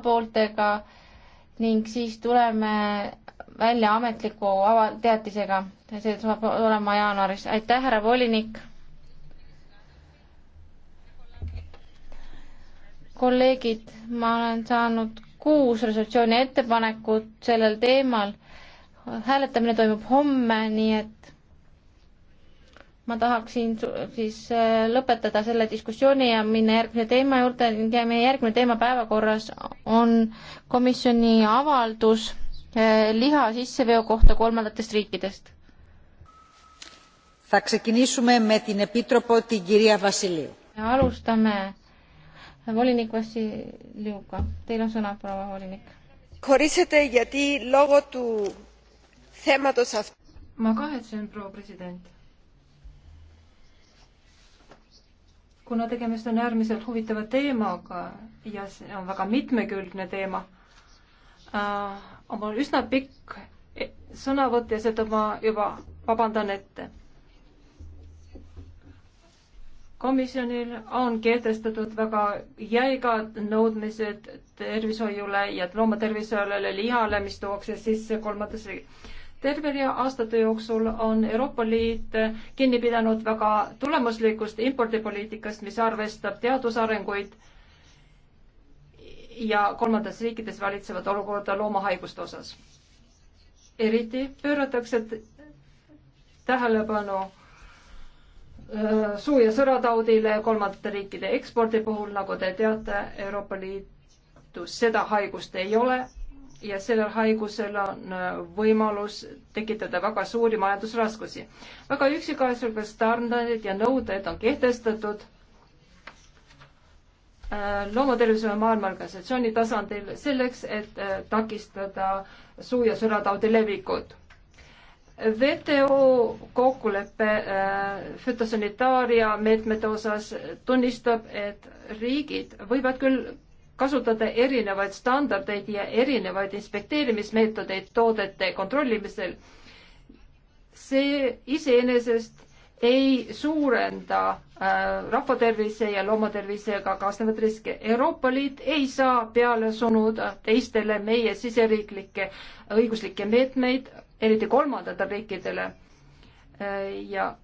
osapooltega ning siis tuleme välja ametliku ava-, teatisega. see saab olema jaanuaris. aitäh, härra volinik. kolleegid, ma olen saanud kuus resolutsiooni ettepanekut sellel teemal. hääletamine toimub homme, nii et ma tahaksin siis äh, lõpetada selle diskussiooni ja minna järgmise teema juurde. meie järgmine teema päevakorras on komisjoni avaldus äh, liha sisseveo kohta kolmandatest riikidest. me alustame volinik Vassiliuga. Teil on sõna, proua volinik. ma kahetsen, proua president kuna tegemist on äärmiselt huvitava teemaga ja see on väga mitmekülgne teema äh,, on mul üsna pikk sõnavõtt ja seda ma juba vabandan ette. komisjonil on kehtestatud väga jäigad nõudmised tervishoiule ja loomatervishoiule, lihale, mis tuuakse sisse kolmandasse terve rea aastate jooksul on Euroopa Liit kinni pidanud väga tulemuslikust impordipoliitikast, mis arvestab teadusarenguid ja kolmandates riikides valitsevat olukorda loomahaiguste osas. eriti pööratakse tähelepanu suu- ja sõrataudile kolmandate riikide ekspordi puhul, nagu te teate, Euroopa Liidus seda haigust ei ole ja sellel haigusel on äh, võimalus tekitada väga suuri majandusraskusi. väga üksikasjalikud standardid ja nõuded on kehtestatud äh, loomatervishoiu maailma organisatsiooni tasandil selleks, et äh, takistada suu- ja sõrataudi levikut. WTO kokkulepe fütosanitaaria meetmete osas tunnistab, et riigid võivad küll kasutada erinevaid standardeid ja erinevaid inspekteerimismeetodeid toodete kontrollimisel. see iseenesest ei suurenda äh, rahvatervise ja loomatervisega kaasnevaid riske. Euroopa Liit ei saa peale sunuda teistele meie siseriiklikke õiguslikke meetmeid, eriti kolmandatele riikidele äh,. ja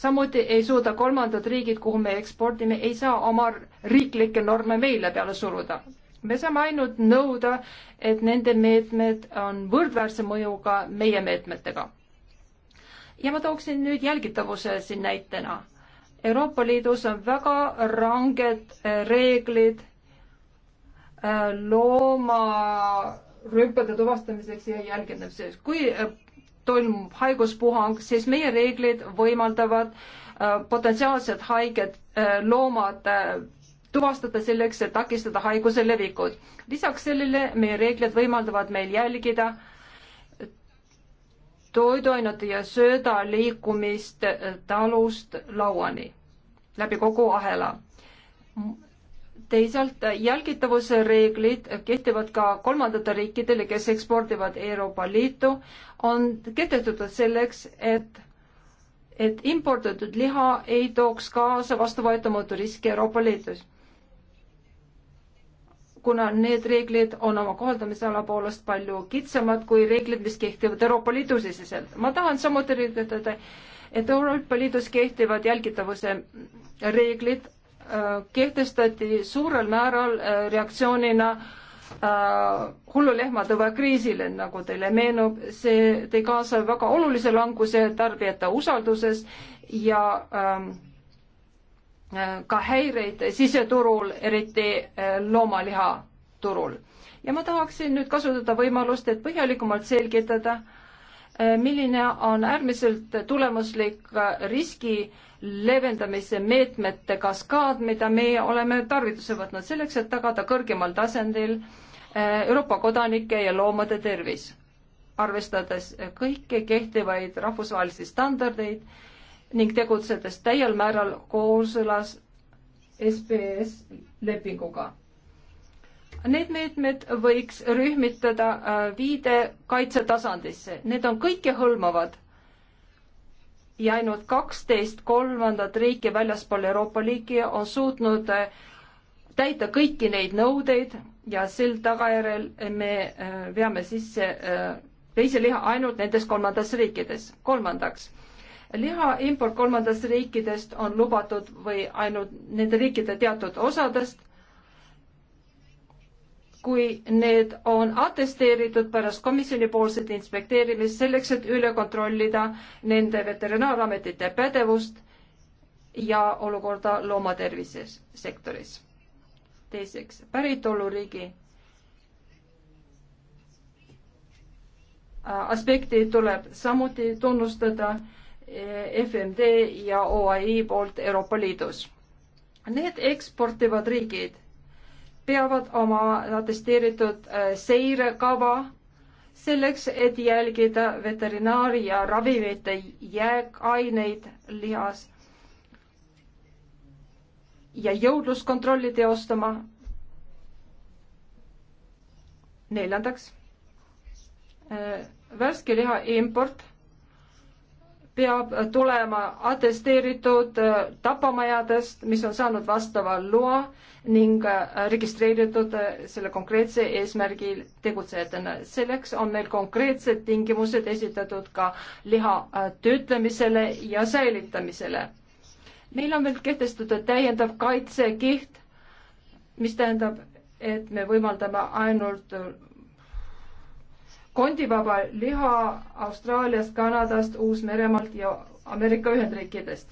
samuti ei suuda kolmandad riigid, kuhu me ekspordime, ei saa oma riiklikke norme meile peale suruda. me saame ainult nõuda, et nende meetmed on võrdväärse mõjuga meie meetmetega. ja ma tooksin nüüd jälgitavuse siin näitena. Euroopa Liidus on väga ranged eh, reeglid eh, loomarümpade tuvastamiseks ja jälgindamiseks. kui eh, toimub haiguspuhang, siis meie reeglid võimaldavad äh, potentsiaalsed haiged äh, loomad äh, tuvastada selleks, et takistada haiguse levikut. lisaks sellele meie reeglid võimaldavad meil jälgida toiduainete ja sööda liikumist talust lauani läbi kogu ahela teisalt jälgitavuse reeglid kehtivad ka kolmandatele riikidele, kes ekspordivad Euroopa Liitu, on kehtestatud selleks, et et imporditud liha ei tooks kaasa vastuvõetamatu riski Euroopa Liidus. kuna need reeglid on oma kohaldamisala poolest palju kitsamad kui reeglid, mis kehtivad Euroopa Liidu siseselt. ma tahan samuti rõhutada, et Euroopa Liidus kehtivad jälgitavuse reeglid Äh, kehtestati suurel määral äh, reaktsioonina äh, hullulehmatõve kriisile, nagu teile meenub, see tõi kaasa väga olulise languse tarbijate usalduses ja ähm, ka häireid siseturul, eriti loomalihaturul. ja ma tahaksin nüüd kasutada võimalust, et põhjalikumalt selgitada äh, Äh, milline on äärmiselt tulemuslik äh, riski leevendamise meetmete kaskaad, mida meie oleme tarvitusse võtnud selleks, et tagada kõrgemal tasandil äh, Euroopa kodanike ja loomade tervis, arvestades kõiki kehtivaid rahvusvahelisi standardeid ning tegutsedes täiel määral kooskõlas SBS lepinguga Need meetmed võiks rühmitada äh, viide kaitsetasandisse, need on kõikehõlmavad ja ainult kaksteist kolmandat riiki väljaspool Euroopa liiki on suutnud äh, täita kõiki neid nõudeid ja sel tagajärjel me äh, veame sisse veiseliha ainult nendes kolmandas riikides. kolmandaks, liha import kolmandast riikidest on lubatud või ainult nende riikide teatud osadest kui need on atesteeritud pärast komisjonipoolset inspekteerimist selleks, et üle kontrollida nende veterinaarametite pädevust ja olukorda loomatervise sektoris. teiseks, päritoluriigi äh, aspekti tuleb samuti tunnustada äh, FMD ja OAI poolt Euroopa Liidus. Need eksportivad riigid peavad oma atesteeritud äh, seirekava selleks, et jälgida veterinaari ja ravimite jääkaineid lihas ja jõudluskontrolli teostama. neljandaks, äh, värske liha import peab tulema atesteeritud äh, tapamajadest, mis on saanud vastava loa ning äh, registreeritud äh, selle konkreetse eesmärgil tegutsejatena. selleks on meil konkreetsed tingimused esitatud ka liha töötlemisele ja säilitamisele. meil on veel kehtestatud täiendav kaitsekiht, mis tähendab, et me võimaldame ainult kondivaba liha Austraaliast, Kanadast, Uus-Meremaalt ja Ameerika Ühendriikidest.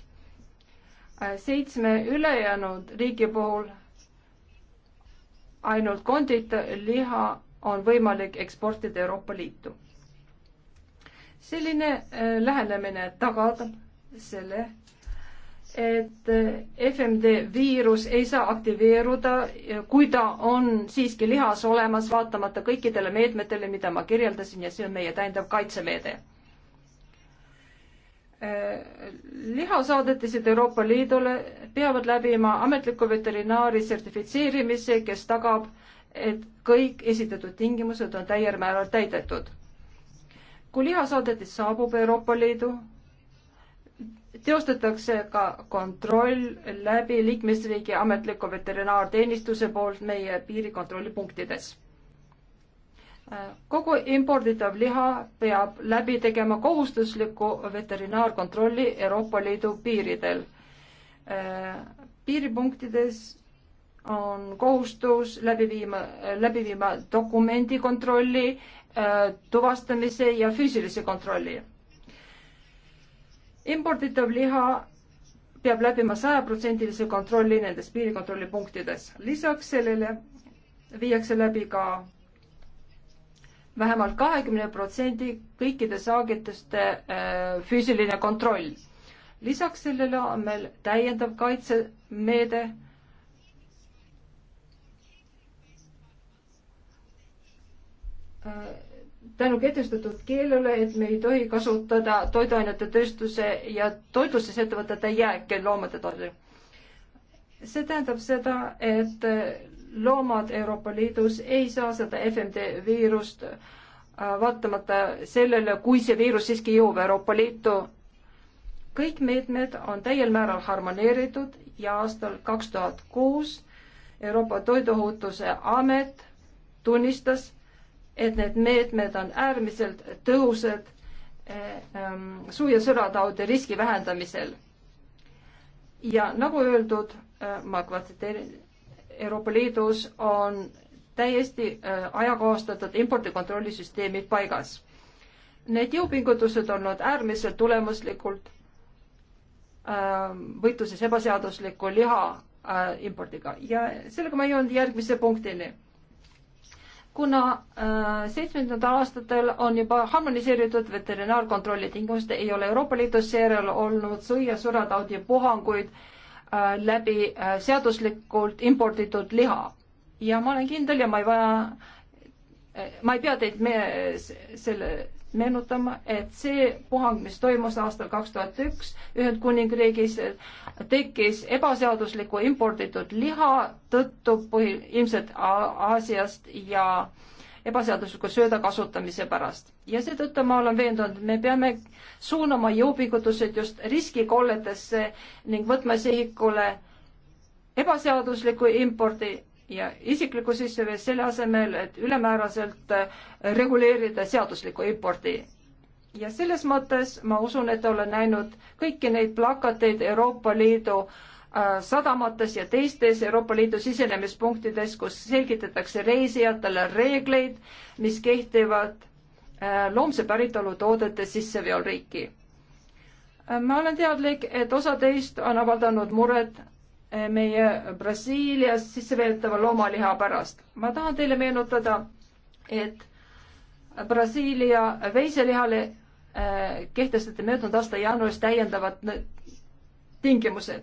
seitsme ülejäänud riigi puhul ainult kondit liha on võimalik eksportida Euroopa Liitu. selline äh, lähenemine tagab selle, et FMD viirus ei saa aktiveeruda, kui ta on siiski lihas olemas, vaatamata kõikidele meetmetele, mida ma kirjeldasin ja see on meie täiendav kaitsemeede. lihasaadetised Euroopa Liidule peavad läbima ametliku veterinaari sertifitseerimise, kes tagab, et kõik esitatud tingimused on täiel määral täidetud. kui lihasaadetis saabub Euroopa Liidu teostatakse ka kontroll läbi liikmesriigi ametliku veterinaarteenistuse poolt meie piirikontrollipunktides. kogu imporditav liha peab läbi tegema kohustusliku veterinaarkontrolli Euroopa Liidu piiridel. piiripunktides on kohustus läbi viima, läbi viima dokumendikontrolli, tuvastamise ja füüsilise kontrolli imporditav liha peab läbima sajaprotsendilise kontrolli nendes piirikontrollipunktides. lisaks sellele viiakse läbi ka vähemalt kahekümne protsendi kõikide saagetuste äh, füüsiline kontroll. lisaks sellele on meil täiendav kaitsemeede. Uh tänu kehtestatud keelele, et me ei tohi kasutada toiduainete tööstuse ja toitlustusettevõtete jääke loomade toidul. see tähendab seda, et loomad Euroopa Liidus ei saa seda FMD viirust äh, vaatamata sellele, kui see viirus siiski jõuab Euroopa Liitu. kõik meetmed on täiel määral harmoneeritud ja aastal kaks tuhat kuus Euroopa Toiduohutuse Amet tunnistas, et need meetmed on äärmiselt tõhusad eh, ehm, suu- ja sõrataudi riski vähendamisel. ja nagu öeldud, eh, ma kvaliteerin, Euroopa Liidus on täiesti eh, ajakohastatud impordikontrollisüsteemid paigas. Need jõupingutused on olnud äärmiselt tulemuslikult ehm, võitluses ebaseadusliku liha impordiga ja sellega ma jõuan järgmise punktini kuna äh, seitsmekümnendatel aastatel on juba harmoniseeritud veterinaarkontrolli tingimused, ei ole Euroopa Liidus seejärel olnud sõia, sõrataudi puhanguid äh, läbi äh, seaduslikult imporditud liha. ja ma olen kindel ja ma ei vaja, äh, ma ei pea teid me, selle meenutama, et see puhang, mis toimus aastal kaks tuhat üks Ühendkuningriigis, tekkis ebaseadusliku imporditud liha tõttu põhi, ilmselt Aasiast ja ebaseadusliku sööda kasutamise pärast. ja seetõttu ma olen veendunud, et me peame suunama jõupingutused just riskikolletesse ning võtma sihikule ebaseadusliku impordi ja isiklikku sisse veel selle asemel, et ülemääraselt äh, reguleerida seaduslikku impordi. ja selles mõttes ma usun, et olen näinud kõiki neid plakateid Euroopa Liidu äh, sadamates ja teistes Euroopa Liidu sisenemispunktides, kus selgitatakse reisijatele reegleid, mis kehtivad äh, loomse päritolu toodete sisseveol riiki. ma olen teadlik, et osa teist on avaldanud muret meie Brasiilias sisse veetava loomaliha pärast. ma tahan teile meenutada, et Brasiilia veiselihale äh, kehtestati möödunud aasta jaanuaris täiendavad tingimused.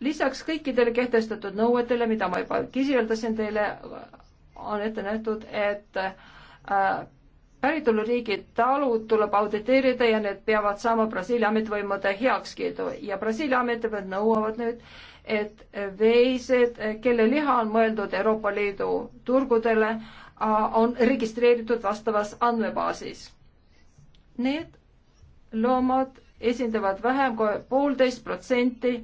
lisaks kõikidele kehtestatud nõuetele, mida ma juba kirjeldasin teile, on ette nähtud, et äh, päritoluriigi talud tuleb auditeerida ja need peavad saama Brasiilia ametivõimude heakskiidu ja Brasiilia ametivõimed nõuavad nüüd äh, et veised, kelle liha on mõeldud Euroopa Liidu turgudele, on registreeritud vastavas andmebaasis. Need loomad esindavad vähem kui poolteist protsenti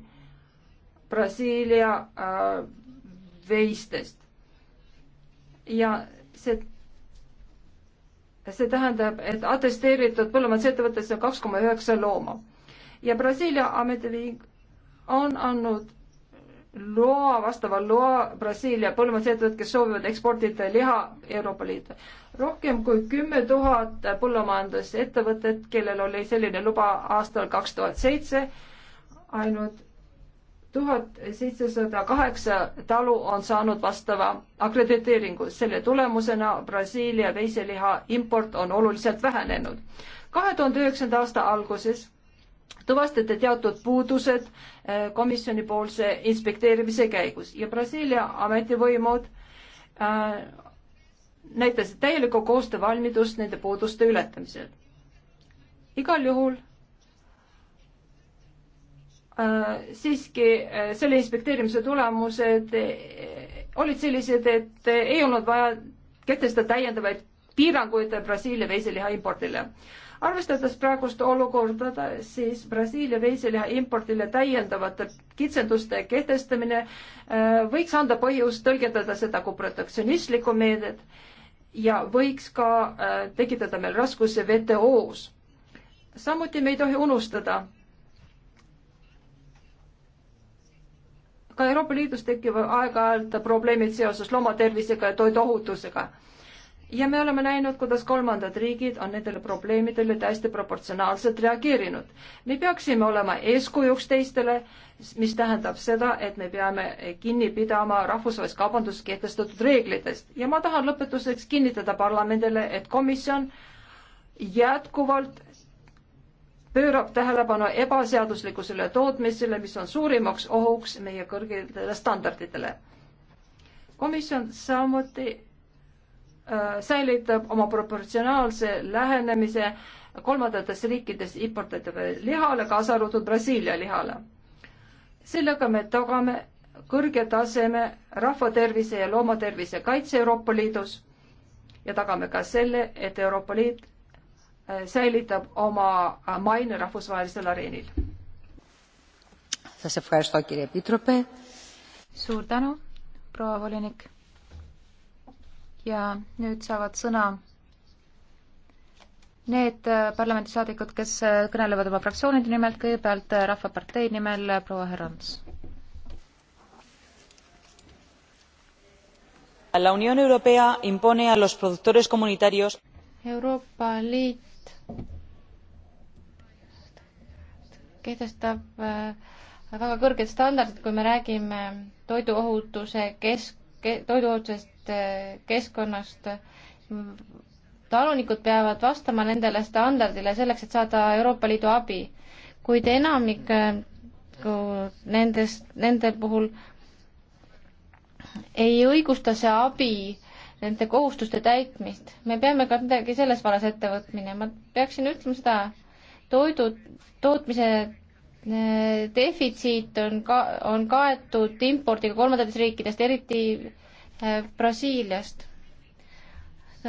Brasiilia veistest. ja see see tähendab, et atesteeritud põllumajandusettevõttes on kaks koma üheksa looma. ja Brasiilia ametiühing on andnud loa, vastava loa Brasiilia põllumajandusettevõtted, kes soovivad eksportida liha Euroopa Liitu. rohkem kui kümme tuhat põllumajandusettevõtet, kellel oli selline luba aastal kaks tuhat seitse, ainult tuhat seitsesada kaheksa talu on saanud vastava akrediteeringu. selle tulemusena Brasiilia veiseliha import on oluliselt vähenenud. kahe tuhande üheksanda aasta alguses tuvastati teatud puudused eh, komisjonipoolse inspekteerimise käigus ja Brasiilia ametivõimud äh, näitasid täielikku koostöövalmidust nende puuduste ületamisel. igal juhul äh, siiski äh, selle inspekteerimise tulemused olid sellised, et ei olnud vaja kehtestada täiendavaid piiranguid Brasiilia veiseliha impordile arvestades praegust olukorda, siis Brasiilia veiseliha impordile täiendavate kitsenduste kehtestamine äh, võiks anda põhjust tõlgendada seda kui protektsionistlikku meedet ja võiks ka äh, tekitada meil raskusi WTO-s. samuti me ei tohi unustada ka Euroopa Liidus tekivad aeg-ajalt probleemid seoses loomatervisega ja toiduohutusega ja me oleme näinud, kuidas kolmandad riigid on nendele probleemidele täiesti proportsionaalselt reageerinud. me peaksime olema eeskujuks teistele, mis tähendab seda, et me peame kinni pidama rahvusvahelises kaubanduses kehtestatud reeglitest ja ma tahan lõpetuseks kinnitada parlamendile, et komisjon jätkuvalt pöörab tähelepanu ebaseaduslikusele tootmisele, mis on suurimaks ohuks meie kõrgetele standarditele. komisjon samuti Äh, säilitab oma proportsionaalse lähenemise kolmandatest riikidest importitavale lihale, kaasa arvatud Brasiilia lihale. sellega me tagame kõrge taseme rahvatervise ja loomatervise kaitse Euroopa Liidus ja tagame ka selle, et Euroopa Liit äh, säilitab oma äh, maine rahvusvahelisel areenil. suur tänu, proua volinik ja nüüd saavad sõna need äh, parlamendisaadikud, kes äh, kõnelevad oma fraktsioonide nimel, kõigepealt äh, Rahvapartei nimel proua Herrans. La Unión Europea impone a los productores comunitarios Euroopa Liit kehtestab väga kõrged standardid, kui me räägime toiduohutuse kesk-, toiduohutusest keskkonnast. talunikud peavad vastama nendele standardile selleks, et saada Euroopa Liidu abi, kuid enamik nendest, nende puhul ei õigusta see abi nende kohustuste täitmist. me peame ka midagi selles vallas ette võtmine, ma peaksin ütlema seda, toidu tootmise defitsiit on ka, on kaetud impordiga kolmandatest riikidest, eriti Äh, Brasiiliast.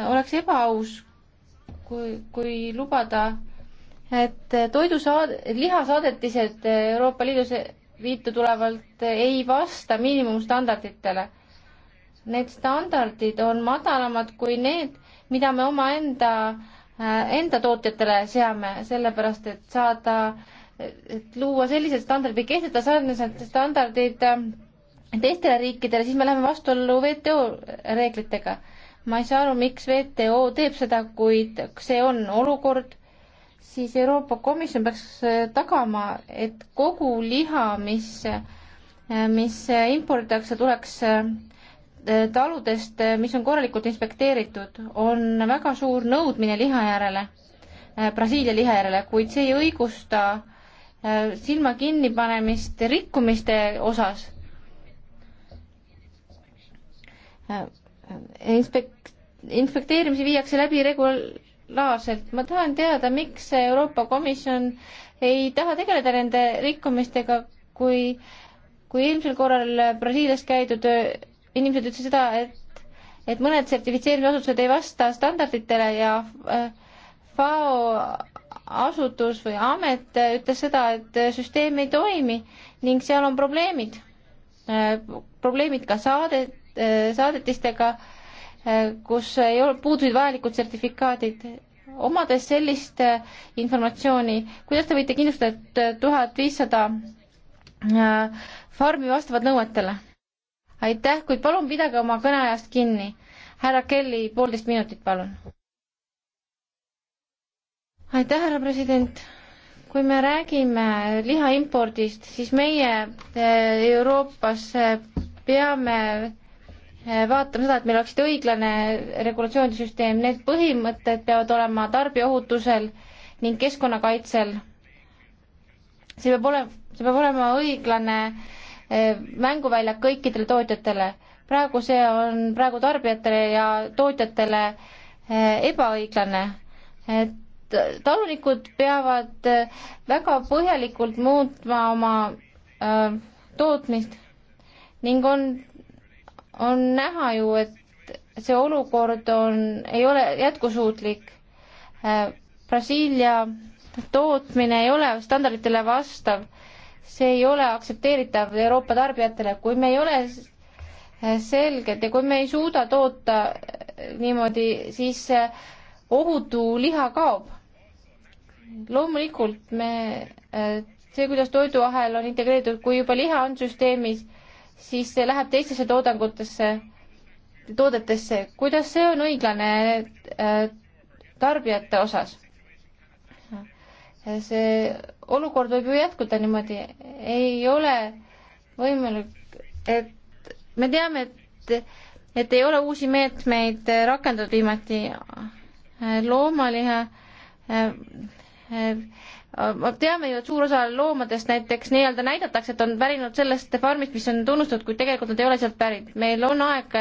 oleks ebaaus, kui, kui lubada, et toidusaad-, lihasaadetised Euroopa Liidus liitu tulevalt ei vasta miinimumstandarditele. Need standardid on madalamad kui need, mida me omaenda, äh, enda tootjatele seame, sellepärast et saada, et luua sellised standardid, kehtestada sarnased standardid äh, teistele riikidele, siis me läheme vastuollu WTO reeglitega. ma ei saa aru, miks WTO teeb seda, kuid see on olukord, siis Euroopa Komisjon peaks äh, tagama, et kogu liha, mis, äh, mis äh, imporditakse, tuleks taludest, mis on korralikult inspekteeritud, on väga suur nõudmine liha järele, Brasiilia liha järele, kuid see ei õigusta silma kinnipanemist rikkumiste osas Äh, äh, inspek-, inspekteerimisi viiakse läbi regulaarselt. ma tahan teada, miks Euroopa Komisjon ei taha tegeleda nende rikkumistega, kui, kui eelmisel korral Brasiilias käidud äh, inimesed ütlesid seda, et, et mõned sertifitseerimisasutused ei vasta standarditele ja FAO asutus või amet ütles seda, et süsteem ei toimi ning seal on probleemid. probleemid ka saade, Eh, saadetistega, eh, kus ei olnud, puudusid vajalikud sertifikaadid. omades sellist eh, informatsiooni, kuidas te võite kindlustada, et tuhat viissada farmi vastavad nõuetele? aitäh, kuid palun pidage oma kõneajast kinni. härra Kelly, poolteist minutit, palun. aitäh, härra president kui me räägime liha impordist, siis meie Euroopas peame Eh, vaatame seda, et meil oleksid õiglane regulatsioonide süsteem, need põhimõtted peavad olema tarbijaohutusel ning keskkonnakaitsel. see peab olema, see peab olema õiglane eh, mänguväljak kõikidele tootjatele. praegu see on praegu tarbijatele ja tootjatele eh, ebaõiglane. et talunikud peavad väga põhjalikult muutma oma tootmist ning on on näha ju, et see olukord on, ei ole jätkusuutlik. Äh, Brasiilia tootmine ei ole standarditele vastav, see ei ole aktsepteeritav Euroopa tarbijatele, kui me ei ole selged ja kui me ei suuda toota niimoodi, siis ohutu liha kaob. loomulikult me, äh, see, kuidas toiduahel on integreeritud, kui juba liha on süsteemis, siis see läheb teistesse toodangutesse, toodetesse. kuidas see on õiglane äh, tarbijate osas? see olukord võib ju jätkuda niimoodi, ei ole võimalik, et me teame, et, et ei ole uusi meetmeid rakendatud viimati loomaliha äh, äh, Äh, me teame ju, et suur osa loomadest näiteks nii-öelda näidatakse, et on pärinud sellest farmist, mis on tunnustatud, kuid tegelikult nad ei ole sealt pärit. meil on aeg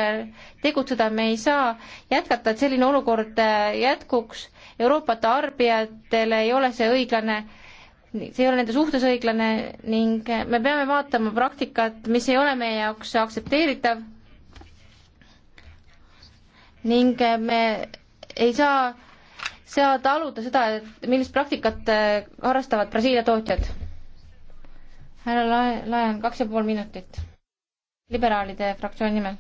tegutseda, me ei saa jätkata, et selline olukord äh, jätkuks. Euroopa tarbijatele ei ole see õiglane, see ei ole nende suhtes õiglane ning äh, me peame vaatama praktikat, mis ei ole meie jaoks aktsepteeritav. ning me ei saa ja taaluda seda, et millist praktikat äh, harrastavad Brasiilia tootjad. härra Lae-, Laen, kaks ja pool minutit liberaalide fraktsiooni nimel.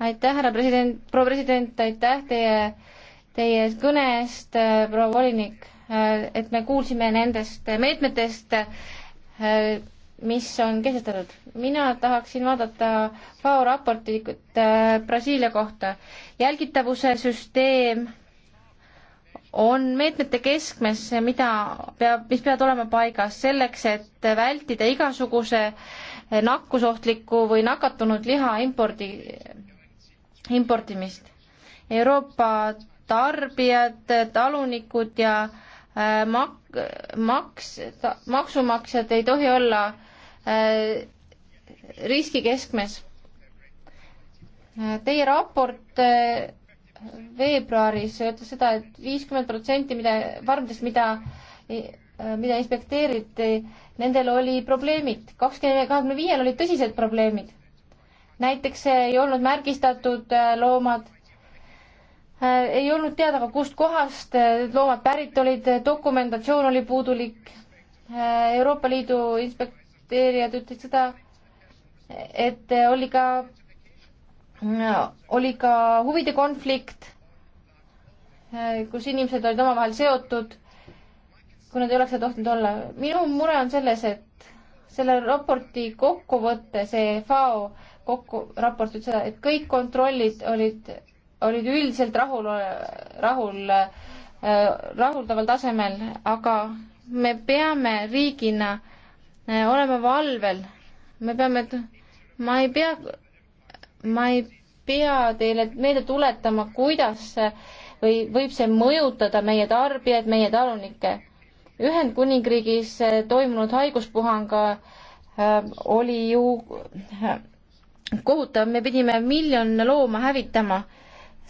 aitäh, härra president, proua president, aitäh teie, teie kõne eest, äh, proua volinik, äh, et me kuulsime nendest meetmetest, mis on kehtestatud. mina tahaksin vaadata FAO raportit Brasiilia kohta. jälgitavuse süsteem on meetmete keskmes, mida peab, mis peavad olema paigas selleks, et vältida igasuguse nakkusohtliku või nakatunud liha impordi, importimist. Euroopa tarbijad, talunikud ja äh, mak-, maks, maksumaksjad ei tohi olla äh, riski keskmes. Äh, teie raport äh, veebruaris ütles seda et, et viiskümmend protsenti, mida, farmidest, mida, mida inspekteeriti, nendel oli probleemid. kakskümmend, kahekümne viiel olid tõsised probleemid. näiteks ei olnud märgistatud äh, loomad, äh, ei olnud teada ka kust kohast äh, loomad pärit olid, dokumentatsioon oli puudulik. Euroopa Liidu inspekteerijad ütlesid seda, et oli ka oli ka huvide konflikt, kus inimesed olid omavahel seotud, kui nad ei oleks seda tohtinud olla. minu mure on selles, et selle raporti kokkuvõte, see FAO kokku, raport ütles seda, et kõik kontrollid olid, olid üldiselt rahul, rahul, rahuldaval tasemel, aga me peame riigina olema valvel, me peame, ma ei pea ma ei pea teile meelde tuletama, kuidas või võib see mõjutada meie tarbijaid, meie talunikke. Ühendkuningriigis toimunud haiguspuhanga äh, oli ju äh, kohutav, me pidime miljon looma hävitama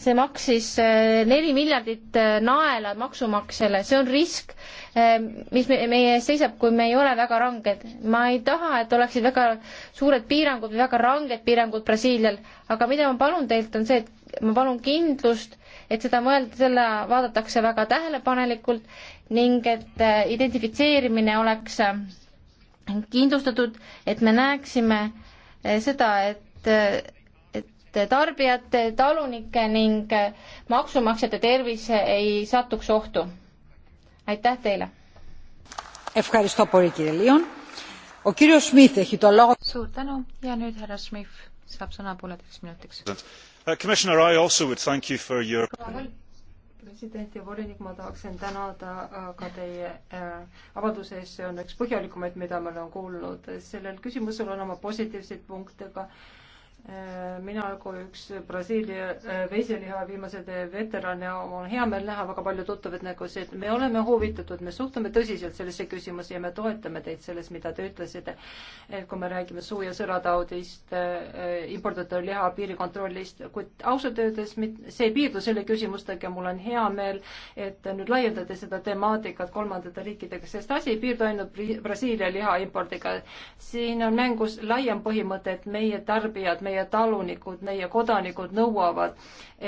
see maksis eh, neli miljardit eh, naela maksumaksjale, see on risk, eh, mis meie ees seisab, kui me ei ole väga ranged. ma ei taha, et oleksid väga suured piirangud või väga ranged piirangud Brasiilial, aga mida ma palun teilt, on see, et ma palun kindlust, et seda mõelda, selle vaadatakse väga tähelepanelikult ning et identifitseerimine oleks kindlustatud, et me näeksime seda, et et tarbijate, talunike ning maksumaksjate tervis ei satuks ohtu. aitäh teile! suur tänu ja nüüd härra Smith saab sõna pooleteiseks minutiks. Uh, Commissioner, I also would thank you for your president ja volinik, ma tahaksin tänada uh, ka teie uh, avalduse eest, see on üks põhjalikumaid, mida me oleme kuulnud. sellel küsimusel on oma positiivseid punkte ka äh, Äh, mina kui üks Brasiilia äh, veiseliha viimased äh, veterane on hea meel näha väga palju tuttavaid nägusid. me oleme huvitatud, me suhtume tõsiselt sellesse küsimusse ja me toetame teid selles, mida te ütlesite. et kui me räägime suu- ja sõrataudist, imporditud liha piirikontrollist, kuid ausalt öeldes see ei piirdu selle küsimustega, mul on hea meel, et nüüd laiendate seda temaatikat kolmandate riikidega, sest asi ei piirdu ainult Brasiilia liha impordiga. siin on mängus laiem põhimõte, et meie tarbijad, meie meie talunikud, meie kodanikud nõuavad,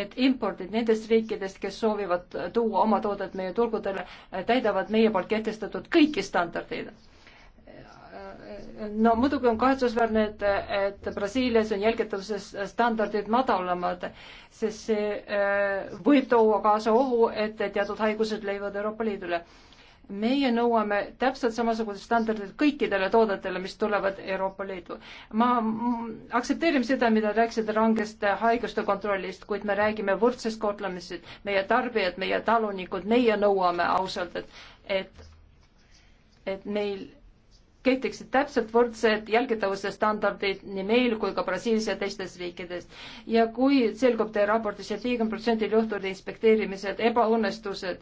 et impordid nendest riikidest, kes soovivad tuua oma toodet meie turgudele, täidavad meie poolt kehtestatud kõiki standardeid no muidugi on kahetsusväärne, et, et Brasiilias on jälgitavuse standardid madalamad, sest see äh, võib tuua kaasa ohu, et teatud haigused levivad Euroopa Liidule meie nõuame täpselt samasugused standardid kõikidele toodetele, mis tulevad Euroopa Liidu. ma aktsepteerin seda, mida rääkisid rangest haiguste kontrollist, kuid me räägime võrdsest kohtlemisest, meie tarbijad, meie talunikud, meie nõuame ausalt, et, et, et meil kehtiksid täpselt võrdsed jälgitavuse standardid nii meil kui ka Brasiilias ja teistes riikides. ja kui selgub teie raportis et, et viiekümne protsendil juhtudel inspekteerimised ebaõnnestused,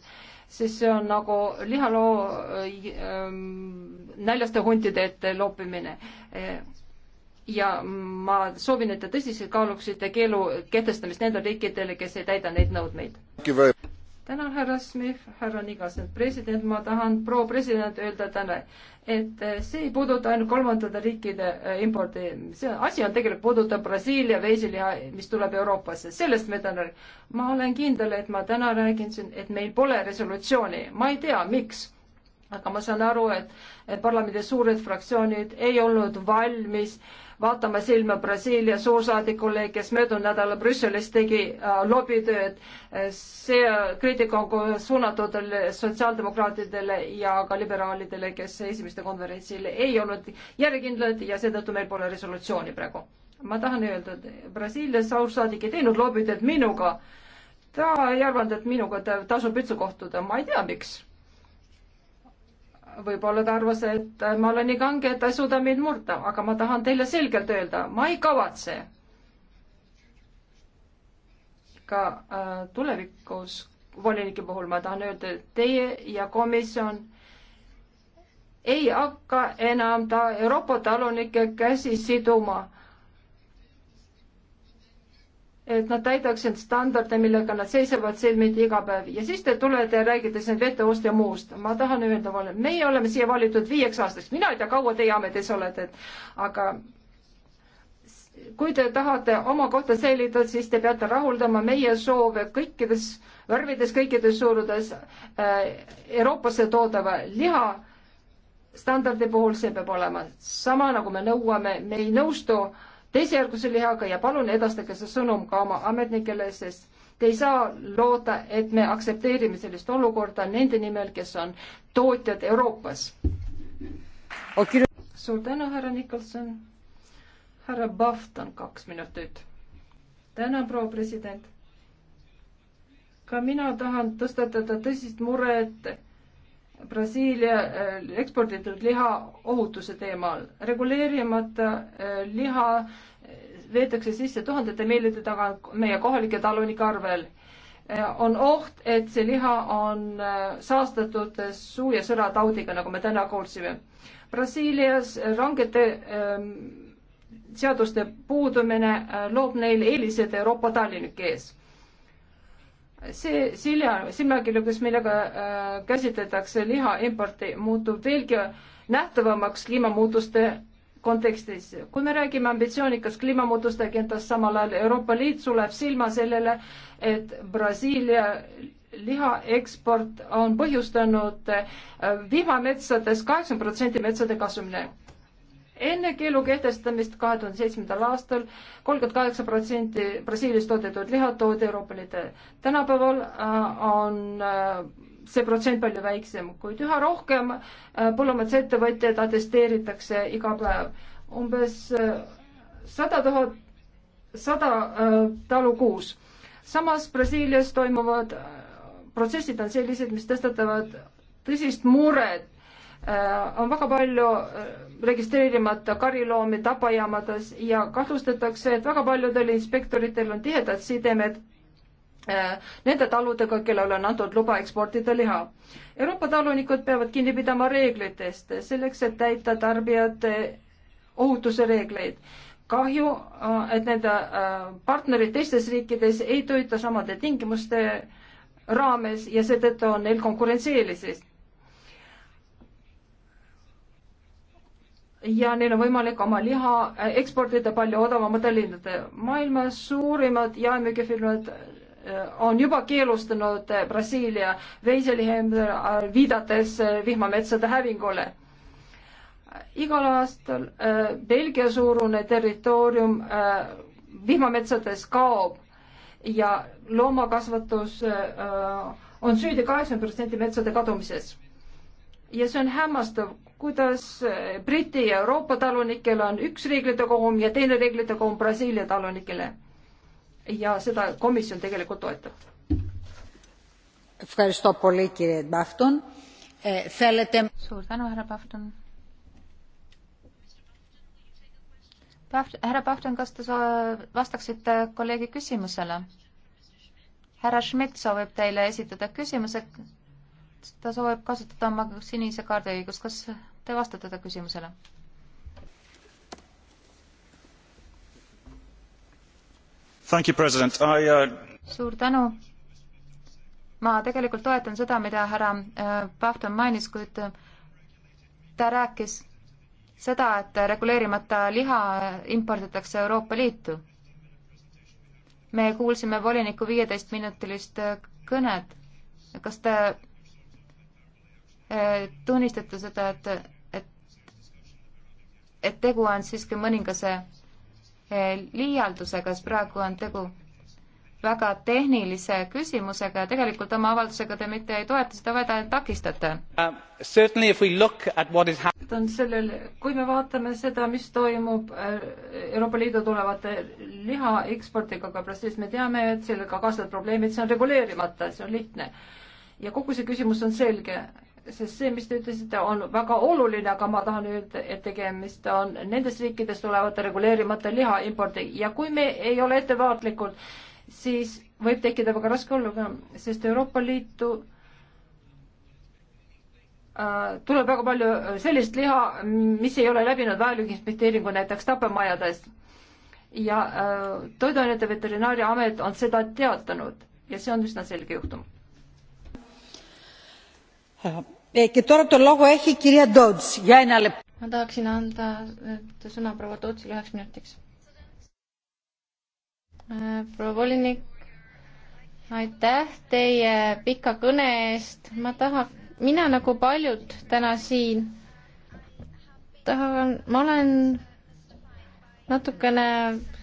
sest see on nagu lihaloo ähm, näljaste huntide ette loopimine. ja ma soovin, et te tõsiselt kaaluksite keelu kehtestamist nendele riikidele, kes ei täida neid nõudmeid tänan, härra Smith, härra Nigasen, president, ma tahan proua president öelda täna, et eh, see ei puuduta ainult kolmandate riikide eh, impordi, see asi on tegelikult puudutab Brasiilia veisiliha, mis tuleb Euroopasse, sellest me täna, ma olen kindel, et ma täna räägin siin, et meil pole resolutsiooni, ma ei tea, miks aga ma saan aru, et parlamendi suured fraktsioonid ei olnud valmis äh, vaatame silma Brasiilia suursaadikule, kes möödunud nädalal Brüsselis tegi äh, lobitööd. see kriitika on suunatud sotsiaaldemokraatidele ja ka liberaalidele, kes esimeste konverentsil ei olnud järjekindlad ja seetõttu meil pole resolutsiooni praegu. ma tahan öelda, et Brasiilia suursaadik ei teinud lobitööd minuga. ta ei arvanud, et minuga tasub üldse kohtuda, ma ei tea, miks võib-olla ta arvas, et ma olen nii kange, et ta ei suuda mind murda, aga ma tahan teile selgelt öelda, ma ei kavatse ka äh, tulevikus volinike puhul ma tahan öelda, et teie ja komisjon ei hakka enam ta Euroopa talunike käsi siduma äh, et nad täidaksid standarde, millega nad seisavad silmiti iga päev ja siis te tulete ja räägite siin WTO-st ja muust. ma tahan öelda, meie oleme siia valitud viieks aastaks, mina ei tea, kaua teie ametis olete, et aga kui te tahate oma kohta säilitada, siis te peate rahuldama meie soove kõikides värvides, kõikides suurudes äh, Euroopasse toodava liha standardi puhul see peab olema sama, nagu me nõuame, me ei nõustu äh, teisejärgulise lihaga ja palun edastage see sõnum ka oma ametnikele, sest te ei saa loota, et me aktsepteerime sellist olukorda nende nimel, kes on tootjad Euroopas. suur tänu, härra Nikolson. härra Bafton, kaks minutit. tänan, proua president. ka mina tahan tõstatada tõsist muret Brasiilia äh, eksporditud liha ohutuse teemal. reguleerimata äh, liha äh, veetakse sisse tuhandete meilide taga meie kohalike talunike arvel. on oht, et see liha on saastatud suu- ja sõrataudiga, nagu me täna kuulsime. Brasiilias rangete ähm, seaduste puudumine loob neile eelised Euroopa talinike ees see silja, silmakirjukus, millega äh, käsitletakse liha importi, muutub veelgi nähtavamaks kliimamuutuste kontekstis. kui me räägime ambitsioonikast kliimamuutuste agendast, samal ajal Euroopa Liit suleb silma sellele, et Brasiilia liha eksport on põhjustanud äh, vihmametsades kaheksakümmend protsenti metsade kasvamine enne keelu kehtestamist kahe tuhande seitsmendal aastal kolmkümmend kaheksa protsenti Brasiilias toodetud liha toodi Euroopa Liidu. tänapäeval äh, on äh, see protsent palju väiksem, kuid üha rohkem äh, põllumajandusettevõtjaid atesteeritakse iga päev. umbes sada tuhat, sada talu kuus. samas Brasiilias toimuvad protsessid on sellised, mis tõstatavad tõsist muret Äh, on väga palju äh, registreerimata kariloomi tapajaamades ja kahtlustatakse, et väga paljudel inspektoritel on tihedad sidemed äh, nende taludega, kellele on antud luba eksportida liha. Euroopa talunikud peavad kinni pidama reeglitest selleks, et täita tarbijate ohutuse reegleid. kahju, et nende partnerid teistes riikides ei tööta samade tingimuste raames ja seetõttu on neil konkurentsieelisest ja neil on võimalik oma liha äh, eksportida palju odavamatele linnadele. maailma suurimad jaemüügifirmad äh, on juba keelustanud äh, Brasiilia veiseliha, viidates vihmametsade hävingule. igal aastal Belgia suurune territoorium vihmametsades kaob ja loomakasvatus on süüdi kaheksakümmend protsenti metsade kadumises ja see on hämmastav, kuidas Briti ja Euroopa talunikel on üks reeglite kogum ja teine reeglite kogum Brasiilia talunikele. ja seda komisjon tegelikult toetab. suur tänu, härra Pahvton. härra Pahvton, kas te vastaksite kolleegi küsimusele? härra Schmidt soovib teile esitada küsimuse ta soovib kasutada oma sinise kaardi õigust, kas te vastatada küsimusele? Uh... suur tänu. ma tegelikult toetan seda, mida härra äh, Pahvton mainis, kuid äh, ta rääkis seda, et reguleerimata liha äh, imporditakse Euroopa Liitu. me kuulsime voliniku viieteistminutilist kõnet. kas te tunnistate seda, et, et tegu on siiski mõningase eh, liialdusega, sest praegu on tegu väga tehnilise küsimusega ja tegelikult oma avaldusega te mitte ei toeta seda, vaid ainult takistate uh,. on sellel, kui me vaatame seda, mis toimub eh, Euroopa Liidu tulevate liha ekspordiga Kabras, siis me teame, et sellega kaasnevad probleemid, see on reguleerimata, see on lihtne. ja kogu see küsimus on selge sest see, mis te ütlesite, on väga oluline, aga ma tahan öelda, et tegemist on nendest riikidest tulevate reguleerimata liha impordi ja kui me ei ole ettevaatlikud, siis võib tekkida väga raske oluga, sest Euroopa Liitu äh, tuleb väga palju äh, sellist liha, mis ei ole läbinud vajaliku inspekteeringu näiteks tapemajades. ja äh, Toiduainete Veterinaariaamet on seda teatanud ja see on üsna selge juhtum ma tahaksin anda nüüd sõna proua Tootsile üheks minutiks. proua volinik, aitäh teie pika kõne eest, ma tahan, mina nagu paljud täna siin tahan, ma olen natukene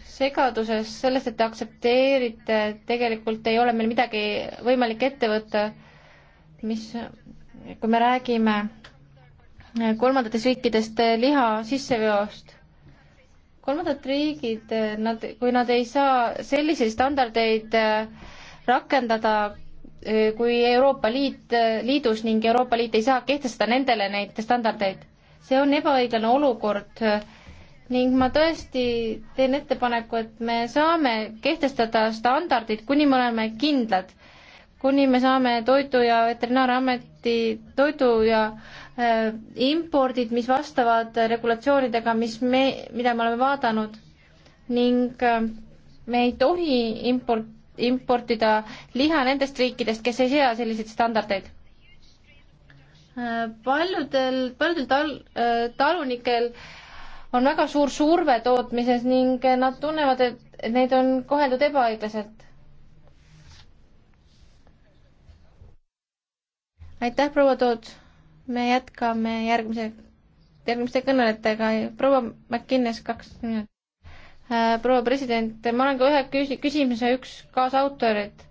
segaduses sellest, et te aktsepteerite, tegelikult ei ole meil midagi võimalik ette võtta, mis kui me räägime kolmandatest riikidest eh, liha sisseveost. kolmandad riigid, eh, nad, kui nad ei saa selliseid standardeid eh, rakendada, kui Euroopa Liit, liidus ning Euroopa Liit ei saa kehtestada nendele neid standardeid, see on ebaõiglane olukord ning ma tõesti teen ettepaneku, et me saame kehtestada standardid, kuni me oleme kindlad kuni me saame Toidu- ja Veterinaarameti toidu ja äh, impordid, mis vastavad regulatsioonidega, mis me, mida me oleme vaadanud ning äh, me ei tohi import, importida liha nendest riikidest, kes ei sea selliseid standardeid äh,. paljudel, paljudel tal- äh,, talunikel on väga suur surve tootmises ning nad tunnevad, et neid on koheldud ebaõiglaselt aitäh, proua Toot. me jätkame järgmise, järgmiste kõnelejatega. proua McInnes, kaks minutit. Äh, proua president, ma olen ka ühe küsi-, küsimuse üks kaasautorid.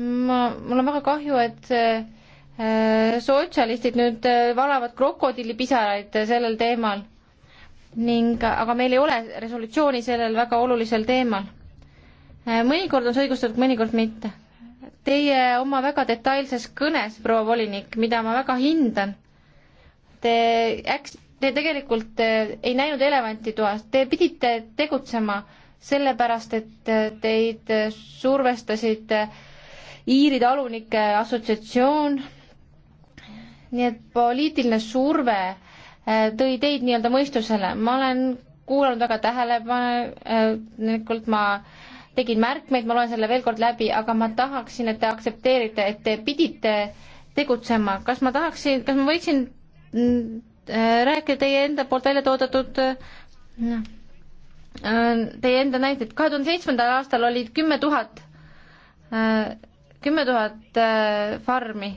ma, mul on väga kahju, et äh, sotsialistid nüüd äh, valavad krokodillipisaraid äh, sellel teemal ning, aga meil ei ole resolutsiooni sellel väga olulisel teemal. mõnikord on see õigustatud, mõnikord mitte. Teie oma väga detailses kõnes, proua volinik, mida ma väga hindan, te äks-, te tegelikult eh, ei näinud elevanti toas, te pidite tegutsema sellepärast, et eh, teid eh, survestasid Iiri talunike assotsiatsioon, nii et poliitiline surve tõi teid nii-öelda mõistusele, ma olen kuulanud väga tähelepanelikult, ma tegin märkmeid, ma loen selle veel kord läbi, aga ma tahaksin, et te aktsepteerite, et te pidite tegutsema. kas ma tahaksin, kas ma võiksin mm, äh, rääkida teie enda poolt välja toodetud äh, noh, äh, teie enda näited, kahe tuhande seitsmendal aastal olid kümme tuhat, kümme tuhat farmi.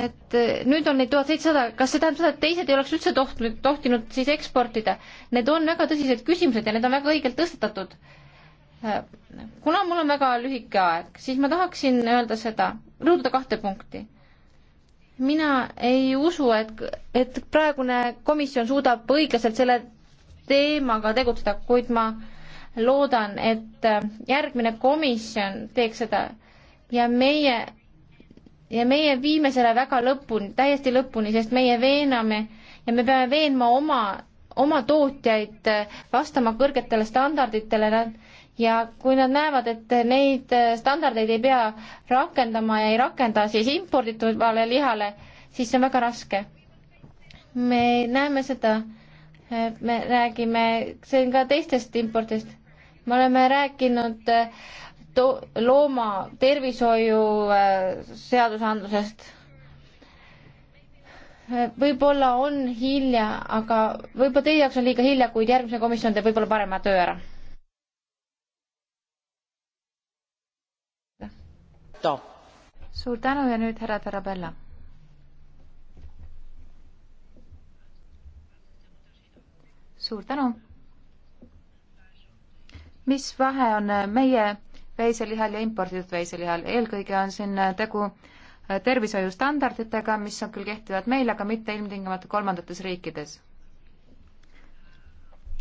et nüüd on neid tuhat seitsesada, kas see tähendab seda, et teised ei oleks üldse tohtinud, tohtinud siis eksportida? Need on väga tõsised küsimused ja need on väga õigelt tõstatatud kuna mul on väga lühike aeg, siis ma tahaksin öelda seda, rõhutada kahte punkti. mina ei usu, et, et praegune komisjon suudab õiglaselt selle teemaga tegutseda, kuid ma loodan, et järgmine komisjon teeks seda ja meie, ja meie viime selle väga lõpuni, täiesti lõpuni, sest meie veename ja me peame veenma oma, oma tootjaid vastama kõrgetele standarditele, nad ja kui nad näevad, et neid äh, standardeid ei pea rakendama ja ei rakenda siis imporditavale lihale, siis see on väga raske. me näeme seda, äh, me räägime siin ka teistest impordist. me oleme rääkinud äh, to-, looma tervishoiu seadusandlusest. võib-olla on hilja, aga võib-olla teie jaoks on liiga hilja, kuid järgmine komisjon teeb võib-olla parema töö ära suur tänu ja nüüd härra Tarabella. suur tänu. mis vahe on meie veiselihal ja imporditud veiselihal, eelkõige on siin tegu tervishoiustandarditega, mis on küll kehtivad meil, aga mitte ilmtingimata kolmandates riikides.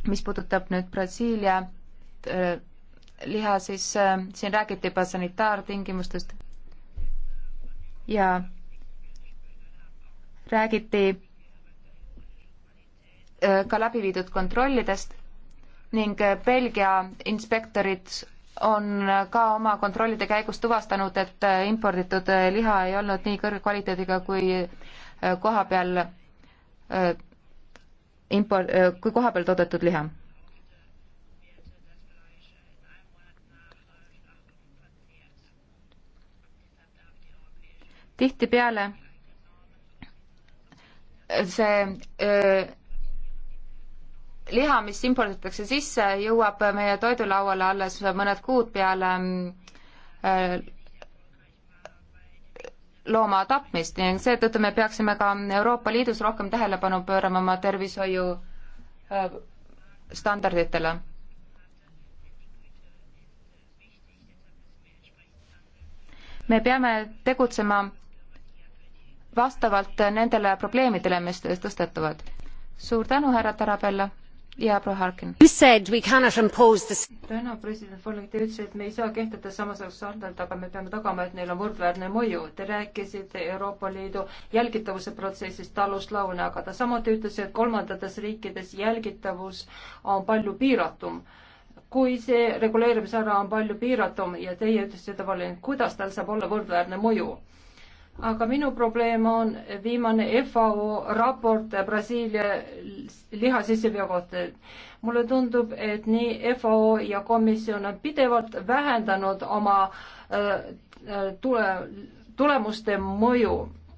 mis puudutab nüüd Brasiilia liha, siis äh, siin räägiti juba sanitaartingimustest ja räägiti äh, ka läbi viidud kontrollidest ning äh, Belgia inspektorid on äh, ka oma kontrollide käigus tuvastanud, et äh, imporditud liha ei olnud nii kõrge kvaliteediga kui kohapeal impor-, kui kohapeal toodetud liha tihtipeale see öö, liha, mis imporditakse sisse, jõuab meie toidulauale alles mõned kuud peale öö, looma tapmist ning seetõttu me peaksime ka Euroopa Liidus rohkem tähelepanu pöörama oma tervishoiu standarditele. me peame tegutsema vastavalt nendele probleemidele, mis tõstetuvad. suur tänu, härra Tarabella ja proua Harkin. täna president Folling, te ütlesite, et me ei saa kehtida samasugust standardit, aga me peame tagama, et neil on võrdväärne mõju. Te rääkisite Euroopa Liidu jälgitavuse protsessist talust laune, aga ta samuti ütles, et kolmandates riikides jälgitavus on palju piiratum kui see reguleerimisala on palju piiratum ja teie ütlesite tavaline, kuidas tal saab olla võrdväärne mõju? aga minu probleem on viimane FAO raport Brasiilia liha sisseveo kohta. mulle tundub, et nii FAO ja komisjon on pidevalt vähendanud oma äh, äh, tule, tulemuste mõju.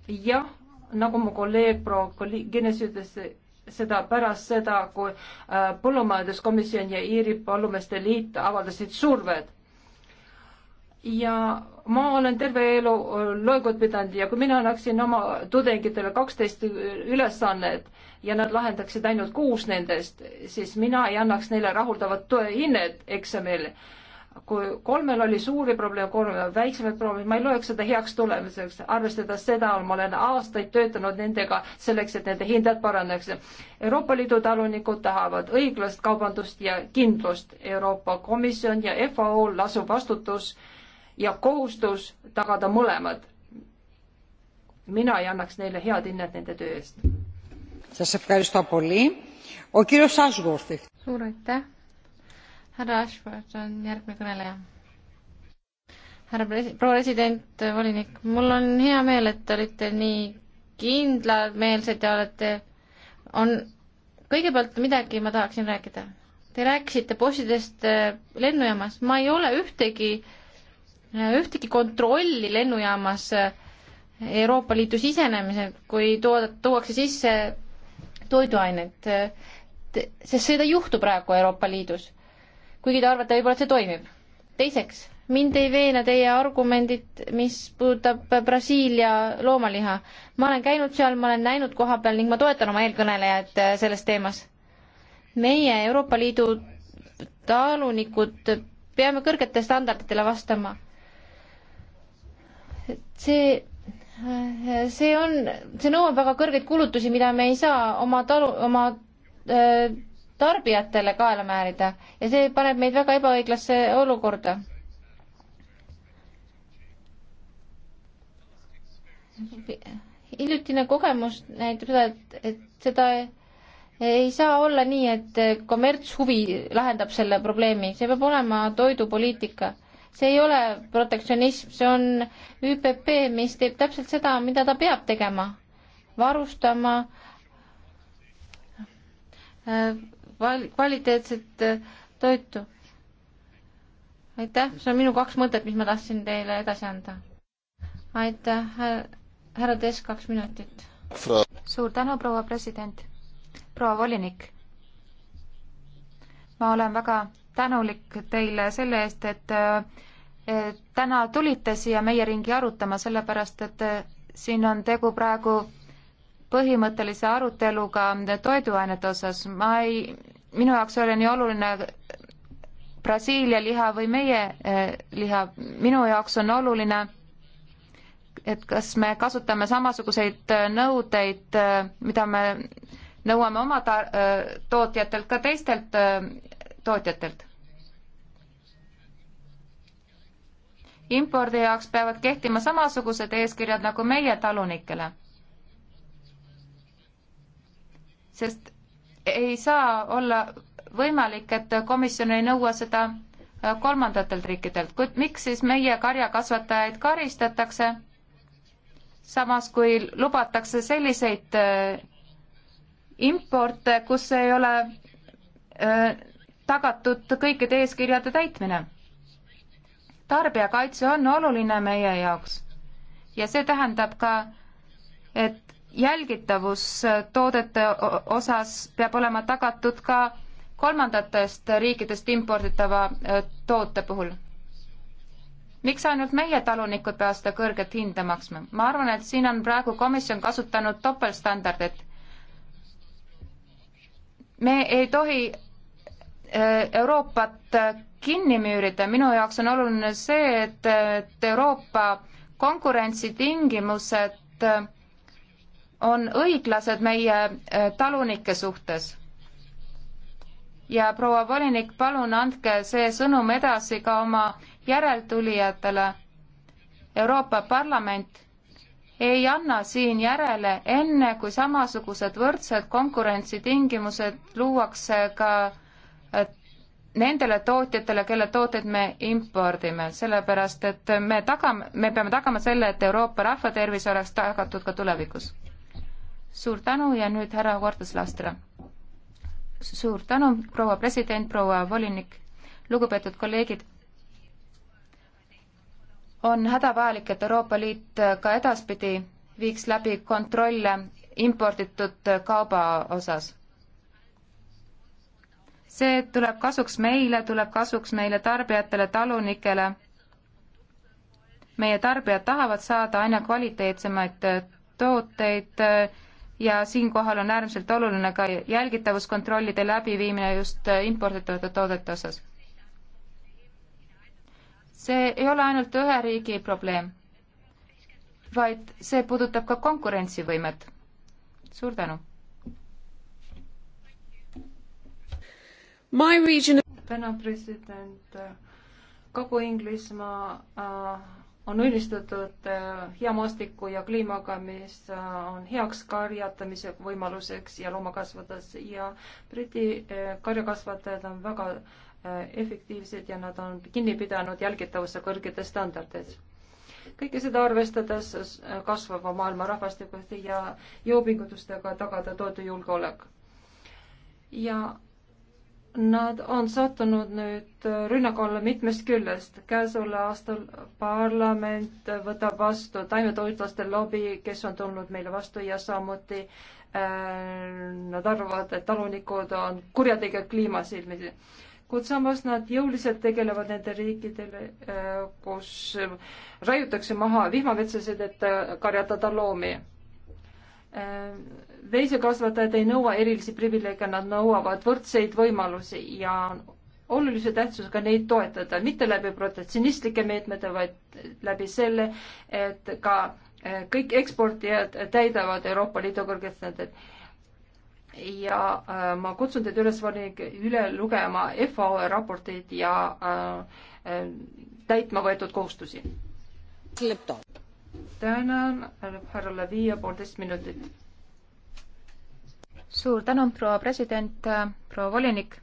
jah, nagu mu kolleeg proua Guinness ütles, seda pärast seda, kui äh, põllumajanduskomisjon ja Iiri Põllumeeste Liit avaldasid survet. ja ma olen terve elu loengut pidanud ja kui mina annaksin oma tudengitele kaksteist ülesannet ja nad lahendaksid ainult kuus nendest, siis mina ei annaks neile rahuldavat hinnet eksamil. kui kolmel oli suuri probleeme, kolmel väiksemaid probleeme, ma ei loeks seda heaks tulemuseks, arvestades seda, ma olen aastaid töötanud nendega selleks, et nende hinded paraneks. Euroopa Liidu talunikud tahavad õiglast kaubandust ja kindlust. Euroopa Komisjon ja FAO-l lasub vastutus äh, ja kohustus tagada mõlemad. mina ei annaks neile head hinnet nende töö eest. suur aitäh. härra Ashford on järgmine kõneleja härra presi-, proua resident, volinik, mul on hea meel, et te olite nii kindlameelsed ja olete, on, kõigepealt midagi ma tahaksin rääkida. Te rääkisite bossidest eh, lennujaamas, ma ei ole ühtegi äh, ühtegi kontrolli lennujaamas Euroopa Liitu sisenemisel, kui tood-, tuuakse sisse toiduained. sest seda ei juhtu praegu Euroopa Liidus. kuigi te arvate võib-olla, et see toimib. teiseks, mind ei veena teie argumendid, mis puudutab Brasiilia loomaliha. ma olen käinud seal, ma olen näinud koha peal ning ma toetan oma eelkõnelejat selles teemas. meie Euroopa Liidu talunikud peame kõrgetele standarditele vastama see, see on, see nõuab väga kõrgeid kulutusi, mida me ei saa oma talu, oma öö, tarbijatele kaela määrida ja see paneb meid väga ebaõiglasse olukorda. hiljutine kogemus näitab seda, et, et seda ei saa olla nii, et kommertshuvi lahendab selle probleemi, see peab olema toidupoliitika see ei ole protektsionism, see on ÜPP, mis teeb täpselt seda, mida ta peab tegema, varustama äh, val-, kvaliteetset äh, toitu. aitäh, see on minu kaks mõtet, mis ma tahtsin teile edasi anda. aitäh, härra Tess, kaks minutit. suur tänu, proua president, proua volinik. ma olen väga tänulik teile selle eest, et täna tulite siia meie ringi arutama, sellepärast et siin on tegu praegu põhimõttelise aruteluga toiduainete osas. ma ei, minu jaoks ei ole nii oluline Brasiilia liha või meie eh, liha, minu jaoks on oluline, et kas me kasutame samasuguseid eh, nõudeid, eh, mida me nõuame oma ta-, tootjatelt ka teistelt tootjatelt. impordi jaoks peavad kehtima samasugused eeskirjad nagu meie talunikele. sest ei saa olla võimalik, et komisjon ei nõua seda kolmandatelt riikidelt, kuid miks siis meie karjakasvatajaid karistatakse, samas kui lubatakse selliseid importe, kus ei ole äh, tagatud kõikide eeskirjade täitmine. tarbijakaitse on oluline meie jaoks ja see tähendab ka, et jälgitavus toodete osas peab olema tagatud ka kolmandatest riikidest imporditava toote puhul. miks ainult meie talunikud peavad seda kõrget hinda maksma? ma arvan, et siin on praegu komisjon kasutanud topeltstandardit. me ei tohi Äh, Euroopat kinni müürida, minu jaoks on oluline see, et, et Euroopa konkurentsitingimused äh, on õiglased meie äh, talunike suhtes. ja proua volinik, palun andke see sõnum edasi ka oma järeltulijatele. Euroopa Parlament ei anna siin järele, enne kui samasugused võrdsed konkurentsitingimused luuakse ka nendele tootjatele, kelle tooteid me impordime, sellepärast et me tagame, me peame tagama selle, et Euroopa rahvatervis oleks tagatud ka tulevikus. suur tänu ja nüüd härra Kordas Lastra. suur tänu, proua president, proua volinik, lugupeetud kolleegid. on hädavajalik, et Euroopa Liit ka edaspidi viiks läbi kontrolle imporditud kauba osas see tuleb kasuks meile, tuleb kasuks meile tarbijatele, talunikele. meie tarbijad tahavad saada aina kvaliteetsemaid äh, tooteid äh, ja siinkohal on äärmiselt oluline ka jälgitavuskontrollide läbiviimine just äh, imporditavate toodete osas. see ei ole ainult ühe riigi probleem, vaid see puudutab ka konkurentsivõimet. suur tänu! My region... täna president äh, Kagu-Inglismaa äh, on õnnistatud äh, hea maastiku ja kliimaga, mis on heaks karjatamise võimaluseks ja loomakasvades ja Briti karjakasvatajad on väga efektiivsed ja nad on kinni pidanud jälgitavuse kõrgetes standardides. kõike seda arvestades kasvava maailma rahvastikust ja jõupingutustega tagada toidujulgeolek. ja Nad on sattunud nüüd rünnaku alla mitmest küljest. käesoleval aastal parlament võtab vastu taimetoitlaste lobi, kes on tulnud meile vastu ja samuti äh, nad arvavad, et talunikud on kurjategijad kliima silmisi. kuid samas nad jõuliselt tegelevad nende riikidele äh,, kus raiutakse maha vihmametsasid, et äh, karjatada loomi äh, veisekasvatajad ei nõua erilisi privileege, nad nõuavad võrdseid võimalusi ja olulise tähtsusega neid toetada, mitte läbi protektsionistlike meetmete, vaid läbi selle, et ka eh, kõik eksportijad täidavad Euroopa Liidu kõrged standardid. ja äh, ma kutsun teid üles üle lugema FAO raporteid ja äh, täitma võetud kohustusi. tänan, härra Lavia, poolteist minutit suur tänu, proua president, äh, proua volinik.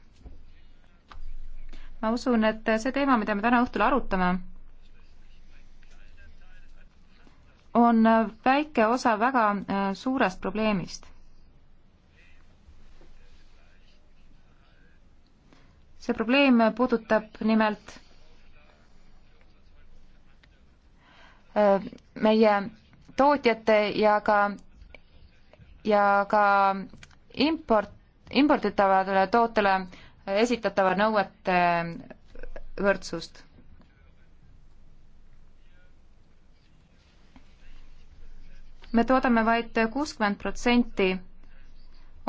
ma usun, et see teema, mida me täna õhtul arutame, on väike osa väga äh, suurest probleemist. see probleem puudutab nimelt äh, meie tootjate ja ka ja ka import, imporditavale tootele esitatava nõuete võrdsust. me toodame vaid kuuskümmend protsenti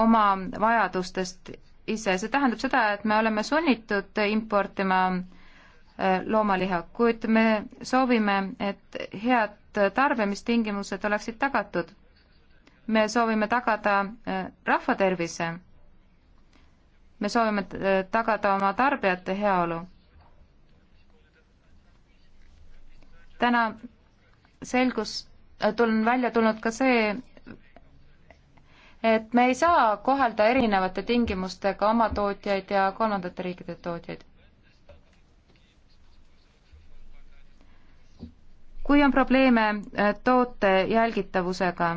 oma vajadustest ise, see tähendab seda, et me oleme sunnitud importima eh, loomaliha, kuid me soovime, et head tarbimistingimused oleksid tagatud me soovime tagada äh, rahva tervise. me soovime äh, tagada oma tarbijate heaolu. täna selgus, on äh, välja tulnud ka see, et me ei saa kohelda erinevate tingimustega oma tootjaid ja kolmandate riikide tootjaid. kui on probleeme toote jälgitavusega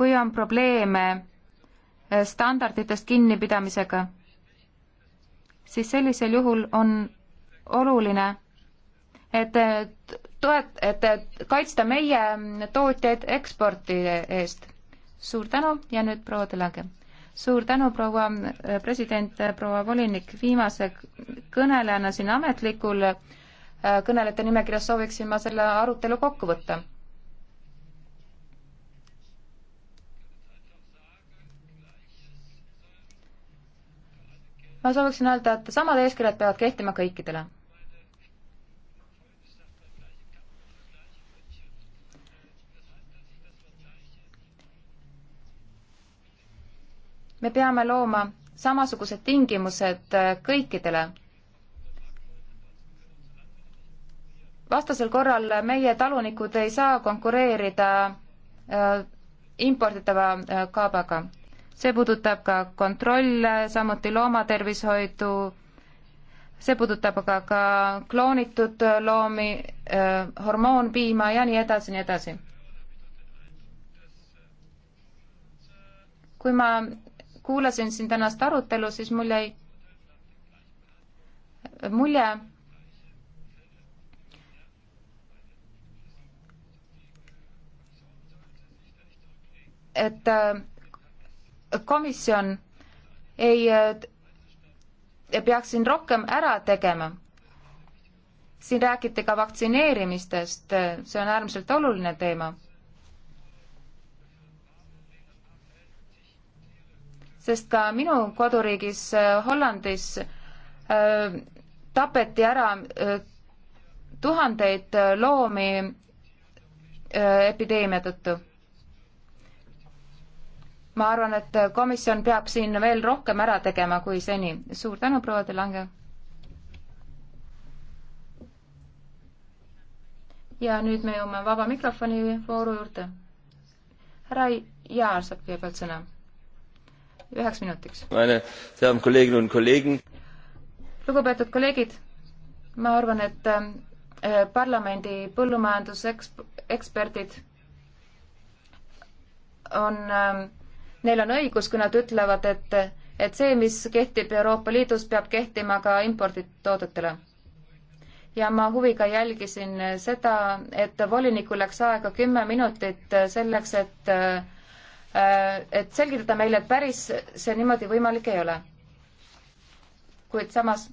kui on probleeme eh, standarditest kinnipidamisega, siis sellisel juhul on oluline, et eh, toet-, et kaitsta meie mm, tootjaid eksporti eest. suur tänu ja nüüd proua Delage. suur tänu, proua eh, president, proua volinik, viimase kõnelejana siin ametlikul kõnelejate nimekirjas sooviksin ma selle arutelu kokku võtta ma sooviksin öelda, et samad eeskirjad peavad kehtima kõikidele. me peame looma samasugused tingimused kõikidele. vastasel korral meie talunikud ei saa konkureerida äh, imporditava äh, kaabaga see puudutab ka kontrolle, samuti loomatervishoidu, see puudutab aga ka kloonitud loomi, äh, hormoonpiima ja nii edasi, nii edasi. kui ma kuulasin siin tänast arutelu, siis mul jäi mulje, et äh, komisjon ei äh, peaks siin rohkem ära tegema. siin räägiti ka vaktsineerimistest, see on äärmiselt oluline teema. sest ka minu koduriigis äh, Hollandis äh, tapeti ära äh, tuhandeid äh, loomi äh, epideemia tõttu ma arvan, et komisjon peab siin veel rohkem ära tegema kui seni. suur tänu, proua De Lange. ja nüüd me jõuame vaba mikrofoni vooru juurde. härra Jaar saab kõigepealt sõna. üheks minutiks. lugupeetud kolleegid, ma arvan, et äh, parlamendi põllumajanduseksperdid on äh, neil on õigus, kui nad ütlevad, et, et see, mis kehtib Euroopa Liidus, peab kehtima ka imporditoodetele. ja ma huviga jälgisin seda, et volinikul läks aega kümme minutit selleks, et et selgitada meile, et päris see niimoodi võimalik ei ole. kuid samas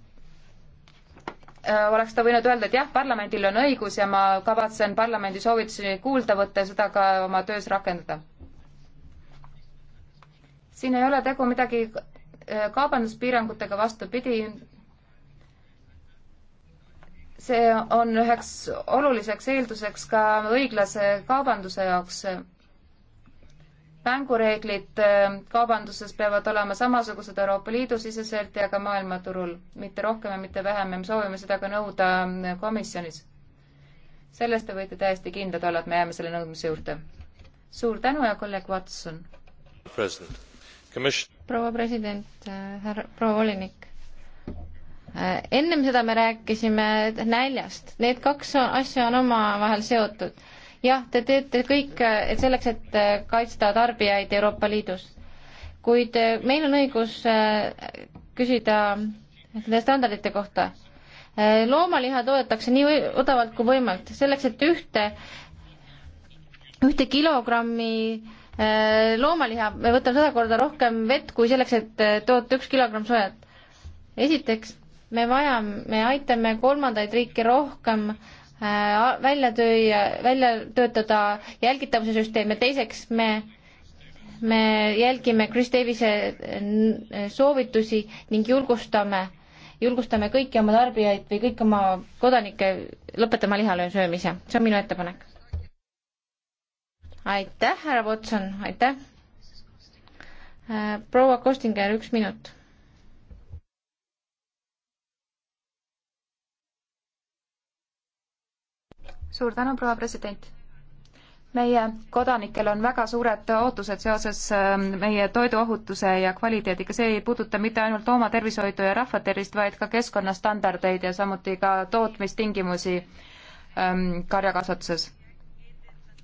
äh, oleks ta võinud öelda, et jah, parlamendil on õigus ja ma kavatsen parlamendi soovitusi kuulda võtta ja seda ka oma töös rakendada siin ei ole tegu midagi äh, kaubanduspiirangutega, vastupidi, see on üheks oluliseks eelduseks ka õiglase kaubanduse jaoks. mängureeglid äh, kaubanduses peavad olema samasugused Euroopa Liidu siseselt ja ka maailmaturul, mitte rohkem ja mitte vähem ja me soovime seda ka nõuda äh, komisjonis. selles te võite täiesti kindlad olla, et me jääme selle nõudmise juurde. suur tänu ja kolleeg Watson. president proua president, äh, härra, proua volinik. Äh, ennem seda me rääkisime näljast, need kaks asja on omavahel seotud. jah, te teete kõik, äh, et selleks, et kaitsta tarbijaid Euroopa Liidus, kuid meil on õigus küsida nende standardite kohta. loomaliha toodetakse nii odavalt kui võimalik, selleks, et ühte, ühte kilogrammi Äh, loomaliha me võtame sada korda rohkem vett kui selleks, et äh, toota üks kilogramm soojat. esiteks, me vajame, me aitame kolmandaid riike rohkem äh, välja tööa, välja töötada jälgitavuse süsteeme, teiseks me me jälgime Chris Davise soovitusi ning julgustame, julgustame kõiki oma tarbijaid või kõiki oma kodanikke lõpetama lihalöö söömise, see on minu ettepanek aitäh, härra Watson, aitäh. Äh, proua Kostinger, üks minut. suur tänu, proua president meie kodanikel on väga suured ootused seoses ähm, meie toiduohutuse ja kvaliteediga, see ei puuduta mitte ainult oma tervishoidu ja rahvatervist, vaid ka keskkonnastandardeid ja samuti ka tootmistingimusi ähm, karjakasvatuses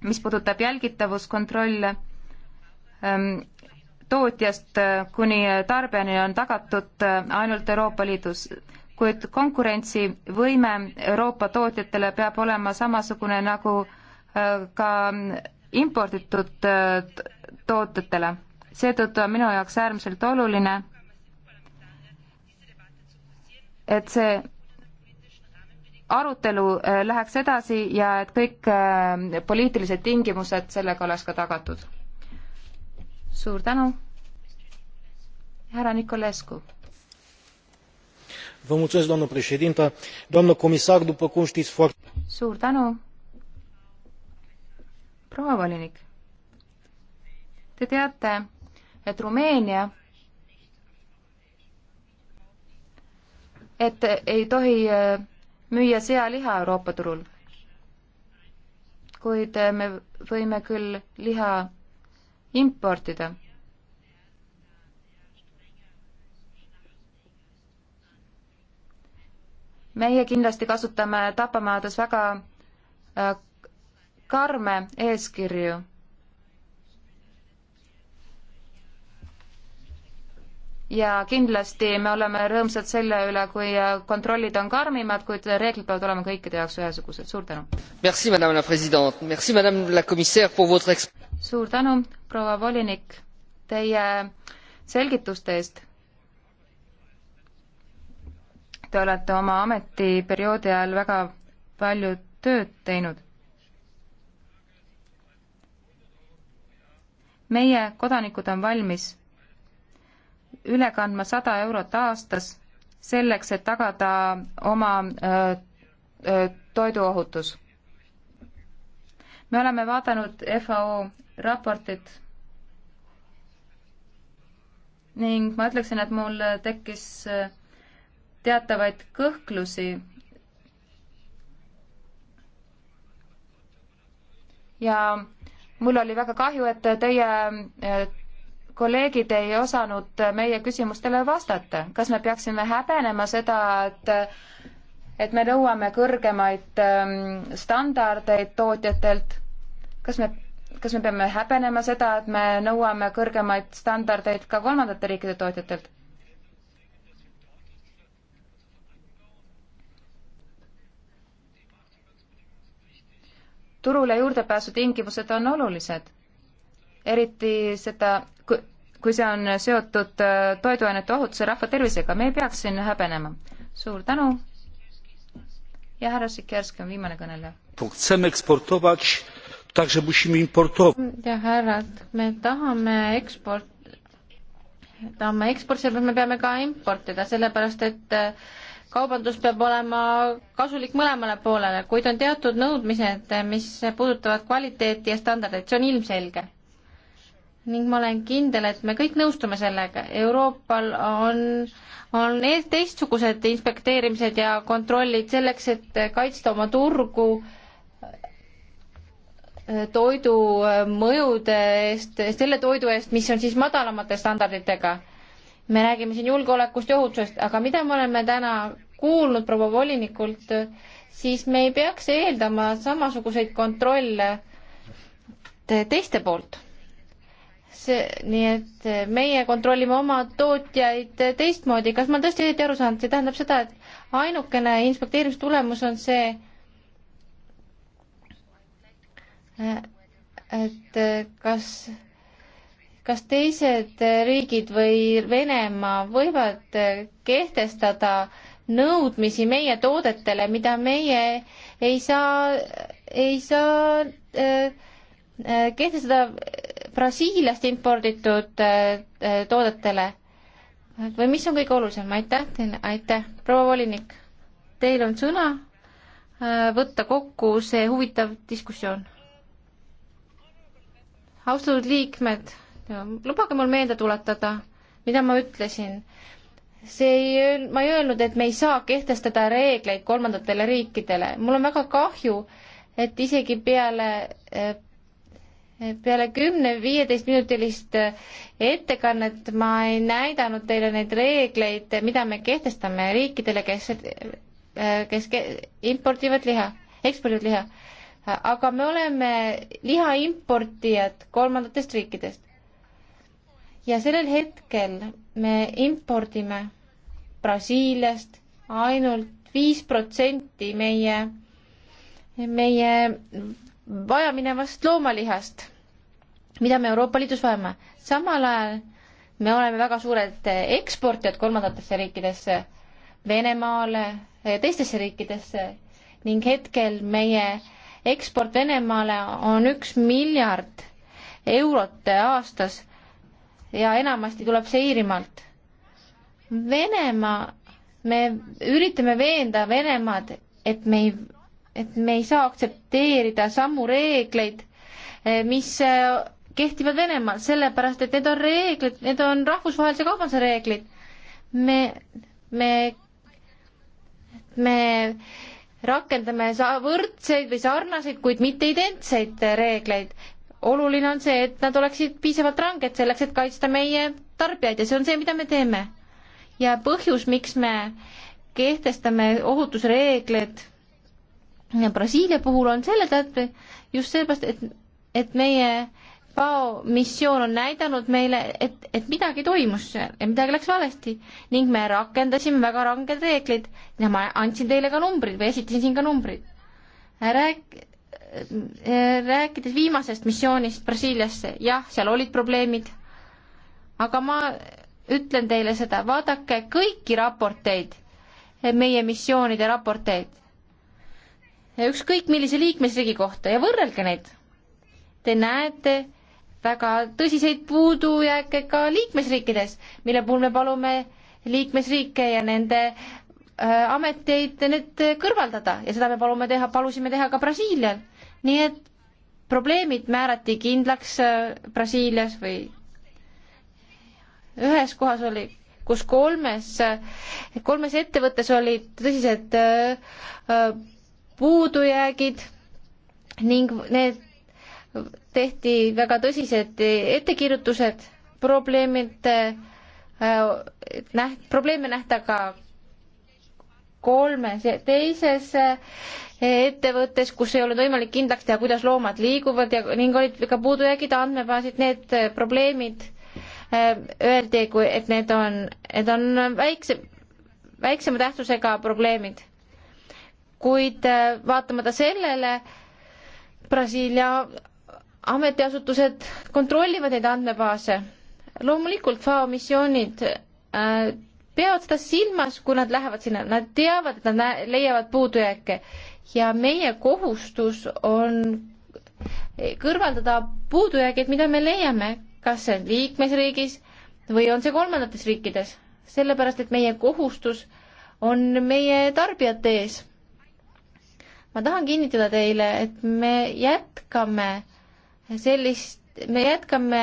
mis puudutab jälgitavuskontrolle, ähm, tootjast äh, kuni tarbijani on tagatud äh, ainult Euroopa Liidus, kuid konkurentsivõime Euroopa tootjatele peab olema samasugune nagu äh, ka imporditud tootjatele. seetõttu on minu jaoks äärmiselt oluline, et see arutelu äh, läheks edasi ja et kõik äh, poliitilised tingimused sellega oleks ka tagatud. suur tänu, härra Nikolescu. Vă mulțumesc, doamnă președintă. Doamnă comisar, după cum știți foarte... Suur tänu. Proua volinik. Te teate, et Rumeenia et ei tohi äh, müüa sealiha Euroopa turul. kuid eh, me võime küll liha importida. meie kindlasti kasutame tapamaades väga eh, karme eeskirju ja kindlasti me oleme rõõmsad selle üle, kui äh, kontrollid on karmimad, kuid reeglid peavad olema kõikide jaoks ühesugused, suur tänu. suur tänu, proua volinik, teie selgituste eest. Te olete oma ametiperioodi ajal väga palju tööd teinud. meie kodanikud on valmis üle kandma sada eurot aastas selleks, et tagada oma äh, äh, toiduohutus. me oleme vaadanud FAO raportit ning ma ütleksin, et mul tekkis äh, teatavaid kõhklusi ja mul oli väga kahju, et teie kolleegid ei osanud meie küsimustele vastata. kas me peaksime häbenema seda, et et me nõuame kõrgemaid ähm, standardeid tootjatelt? kas me, kas me peame häbenema seda, et me nõuame kõrgemaid standardeid ka kolmandate riikide tootjatelt? turule juurdepääsu tingimused on olulised eriti seda, kui see on seotud äh, toiduainete ohutuse rahva tervisega, me ei peaks siin häbenema. suur tänu ja härra Sikerski on viimane kõneleja. ja härrad, me tahame eksport, tahame eksporti, sellepärast me peame ka importida, sellepärast et äh, kaubandus peab olema kasulik mõlemale poolele, kuid on teatud nõudmised, mis puudutavad kvaliteeti ja standardeid, see on ilmselge ning ma olen kindel, et me kõik nõustume sellega, Euroopal on, on teistsugused inspekteerimised ja kontrollid selleks, et kaitsta oma turgu toidu äh, mõjude eest, selle toidu eest, mis on siis madalamate standarditega. me räägime siin julgeolekust ja ohutusest, aga mida me oleme täna kuulnud proua volinikult, siis me ei peaks eeldama samasuguseid kontrolle teiste poolt see, nii et meie kontrollime oma tootjaid teistmoodi, kas ma olen tõesti õieti aru saanud, see tähendab seda, et ainukene inspekteerimistulemus on see, et kas, kas teised riigid või Venemaa võivad kehtestada nõudmisi meie toodetele, mida meie ei saa, ei saa äh, äh, kehtestada Brasiiliast imporditud äh, äh, toodetele või mis on kõige olulisem, aitäh teile, aitäh, proua volinik, teil on sõna äh, võtta kokku see huvitav diskussioon. austatud liikmed, lubage mul meelde tuletada, mida ma ütlesin. see ei, ma ei öelnud, et me ei saa kehtestada reegleid kolmandatele riikidele, mul on väga kahju, et isegi peale peale kümne-viieteist minutilist eh, ettekannet ma ei näidanud teile neid reegleid, mida me kehtestame riikidele, kes, eh, kes impordivad liha, ekspordivad liha. aga me oleme liha importijad kolmandatest riikidest. ja sellel hetkel me impordime Brasiiliast ainult viis protsenti meie, meie vajaminevast loomalihast mida me Euroopa Liidus vajame. samal ajal me oleme väga suured eksportijad kolmandatesse riikidesse, Venemaale, teistesse riikidesse ning hetkel meie eksport Venemaale on üks miljard eurot aastas ja enamasti tuleb see Iirimaalt. Venemaa, me üritame veenda Venemaad, et me ei, et me ei saa aktsepteerida samu reegleid, mis kehtivad Venemaal, sellepärast et need on reeglid, need on rahvusvahelise kaubanduse reeglid. me, me, me rakendame sa-, võrdseid või sarnaseid, kuid mitte identseid reegleid. oluline on see, et nad oleksid piisavalt ranged selleks, et kaitsta meie tarbijaid ja see on see, mida me teeme. ja põhjus, miks me kehtestame ohutusreegleid Brasiilia puhul on selle tõttu just sellepärast, et, et meie FAO missioon on näidanud meile, et, et midagi toimus seal ja midagi läks valesti ning me rakendasime väga ranged reeglid ja ma andsin teile ka numbrid või esitasin siin ka numbrid. Rääk-, rääkides viimasest missioonist Brasiiliasse, jah, seal olid probleemid, aga ma ütlen teile seda, vaadake kõiki raporteid, meie missioonide raporteid, ükskõik millise liikmesriigi kohta ja võrrelge neid. Te näete, väga tõsiseid puudujääke ka liikmesriikides, mille puhul me palume liikmesriike ja nende äh, ameteid need kõrvaldada ja seda me palume teha, palusime teha ka Brasiilial. nii et probleemid määrati kindlaks äh, Brasiilias või ühes kohas oli, kus kolmes äh,, kolmes ettevõttes olid tõsised äh, äh, puudujäägid ning need tehti väga tõsised ettekirjutused, probleemid äh, näht-, probleeme nähta ka kolmes ja teises äh, ettevõttes, kus ei olnud võimalik kindlaks teha, kuidas loomad liiguvad ja ning olid ka puudujäägid andmebaasid, need äh, probleemid öeldi, kui, et need on, need on väikse, väiksema tähtsusega probleemid. kuid vaatamata sellele Brasiilia ametiasutused kontrollivad neid andmebaase. loomulikult FAO missioonid äh, peavad seda silmas, kui nad lähevad sinna, nad teavad, et nad leiavad puudujääke ja meie kohustus on kõrvaldada puudujäägid, mida me leiame, kas see on liikmesriigis või on see kolmandates riikides, sellepärast et meie kohustus on meie tarbijate ees. ma tahan kinnitada teile, et me jätkame sellist, me jätkame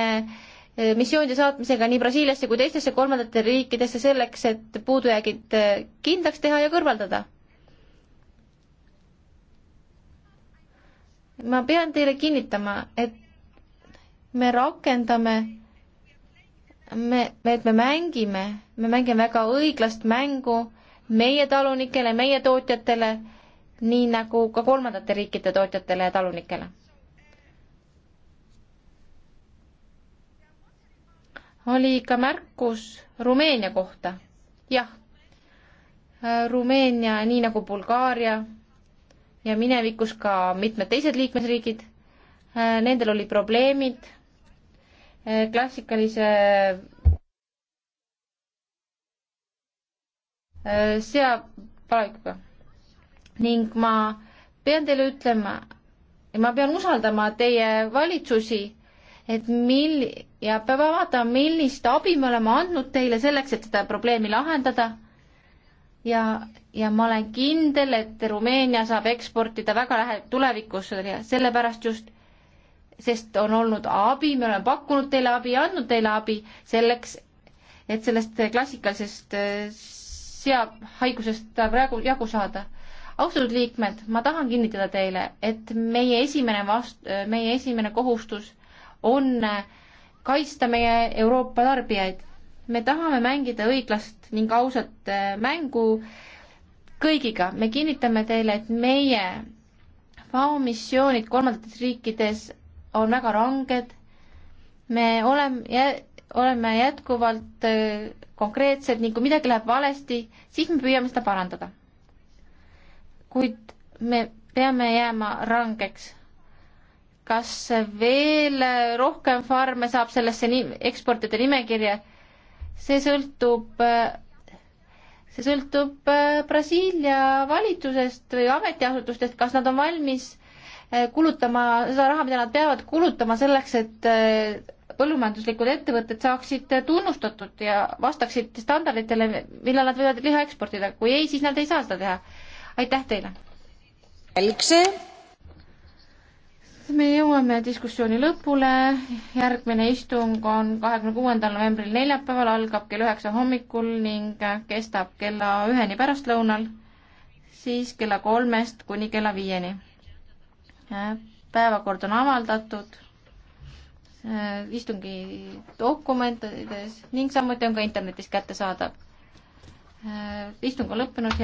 eh, missioonide saatmisega nii Brasiiliasse kui teistesse kolmandatesse riikidesse selleks, et puudujäägid eh, kindlaks teha ja kõrvaldada. ma pean teile kinnitama, et me rakendame, me, et me mängime, me mängime väga õiglast mängu meie talunikele, meie tootjatele, nii nagu ka kolmandate riikide tootjatele ja talunikele oli ka märkus Rumeenia kohta. jah, äh, Rumeenia, nii nagu Bulgaaria ja minevikus ka mitmed teised liikmesriigid, äh, nendel olid probleemid äh, klassikalise seapalaikuga. ning ma pean teile ütlema, ma pean usaldama teie valitsusi et mil- ja peab vaatama, millist abi me oleme andnud teile selleks, et seda probleemi lahendada. ja, ja ma olen kindel, et Rumeenia saab eksportida väga lähe-, tulevikus sellepärast just, sest on olnud abi, me oleme pakkunud teile abi, andnud teile abi selleks, et sellest klassikalisest äh, seahaigusest praegu jagu saada austatud liikmed, ma tahan kinnitada teile, et meie esimene vast-, äh, meie esimene kohustus on äh, kaitsta meie Euroopa tarbijaid. me tahame mängida õiglast ning ausat äh, mängu kõigiga. me kinnitame teile, et meie FAO missioonid kolmandates riikides on väga ranged. me oleme, oleme jätkuvalt äh, konkreetsed ning kui midagi läheb valesti, siis me püüame seda parandada. kuid me peame jääma rangeks kas veel rohkem farme saab sellesse nii, eksportide nimekirja, see sõltub, see sõltub äh, Brasiilia valitsusest või ametiasutustest, kas nad on valmis äh, kulutama seda raha, mida nad peavad kulutama selleks, et äh, põllumajanduslikud ettevõtted saaksid tunnustatud ja vastaksid standarditele, millal nad võivad liha eksportida, kui ei, siis nad ei saa seda teha. aitäh teile! me jõuame diskussiooni lõpule, järgmine istung on kahekümne kuuendal novembril neljapäeval, algab kell üheksa hommikul ning kestab kella üheni pärastlõunal, siis kella kolmest kuni kella viieni. päevakord on avaldatud istungi dokumentides ning samuti on ka internetis kättesaadav. istung on lõppenud.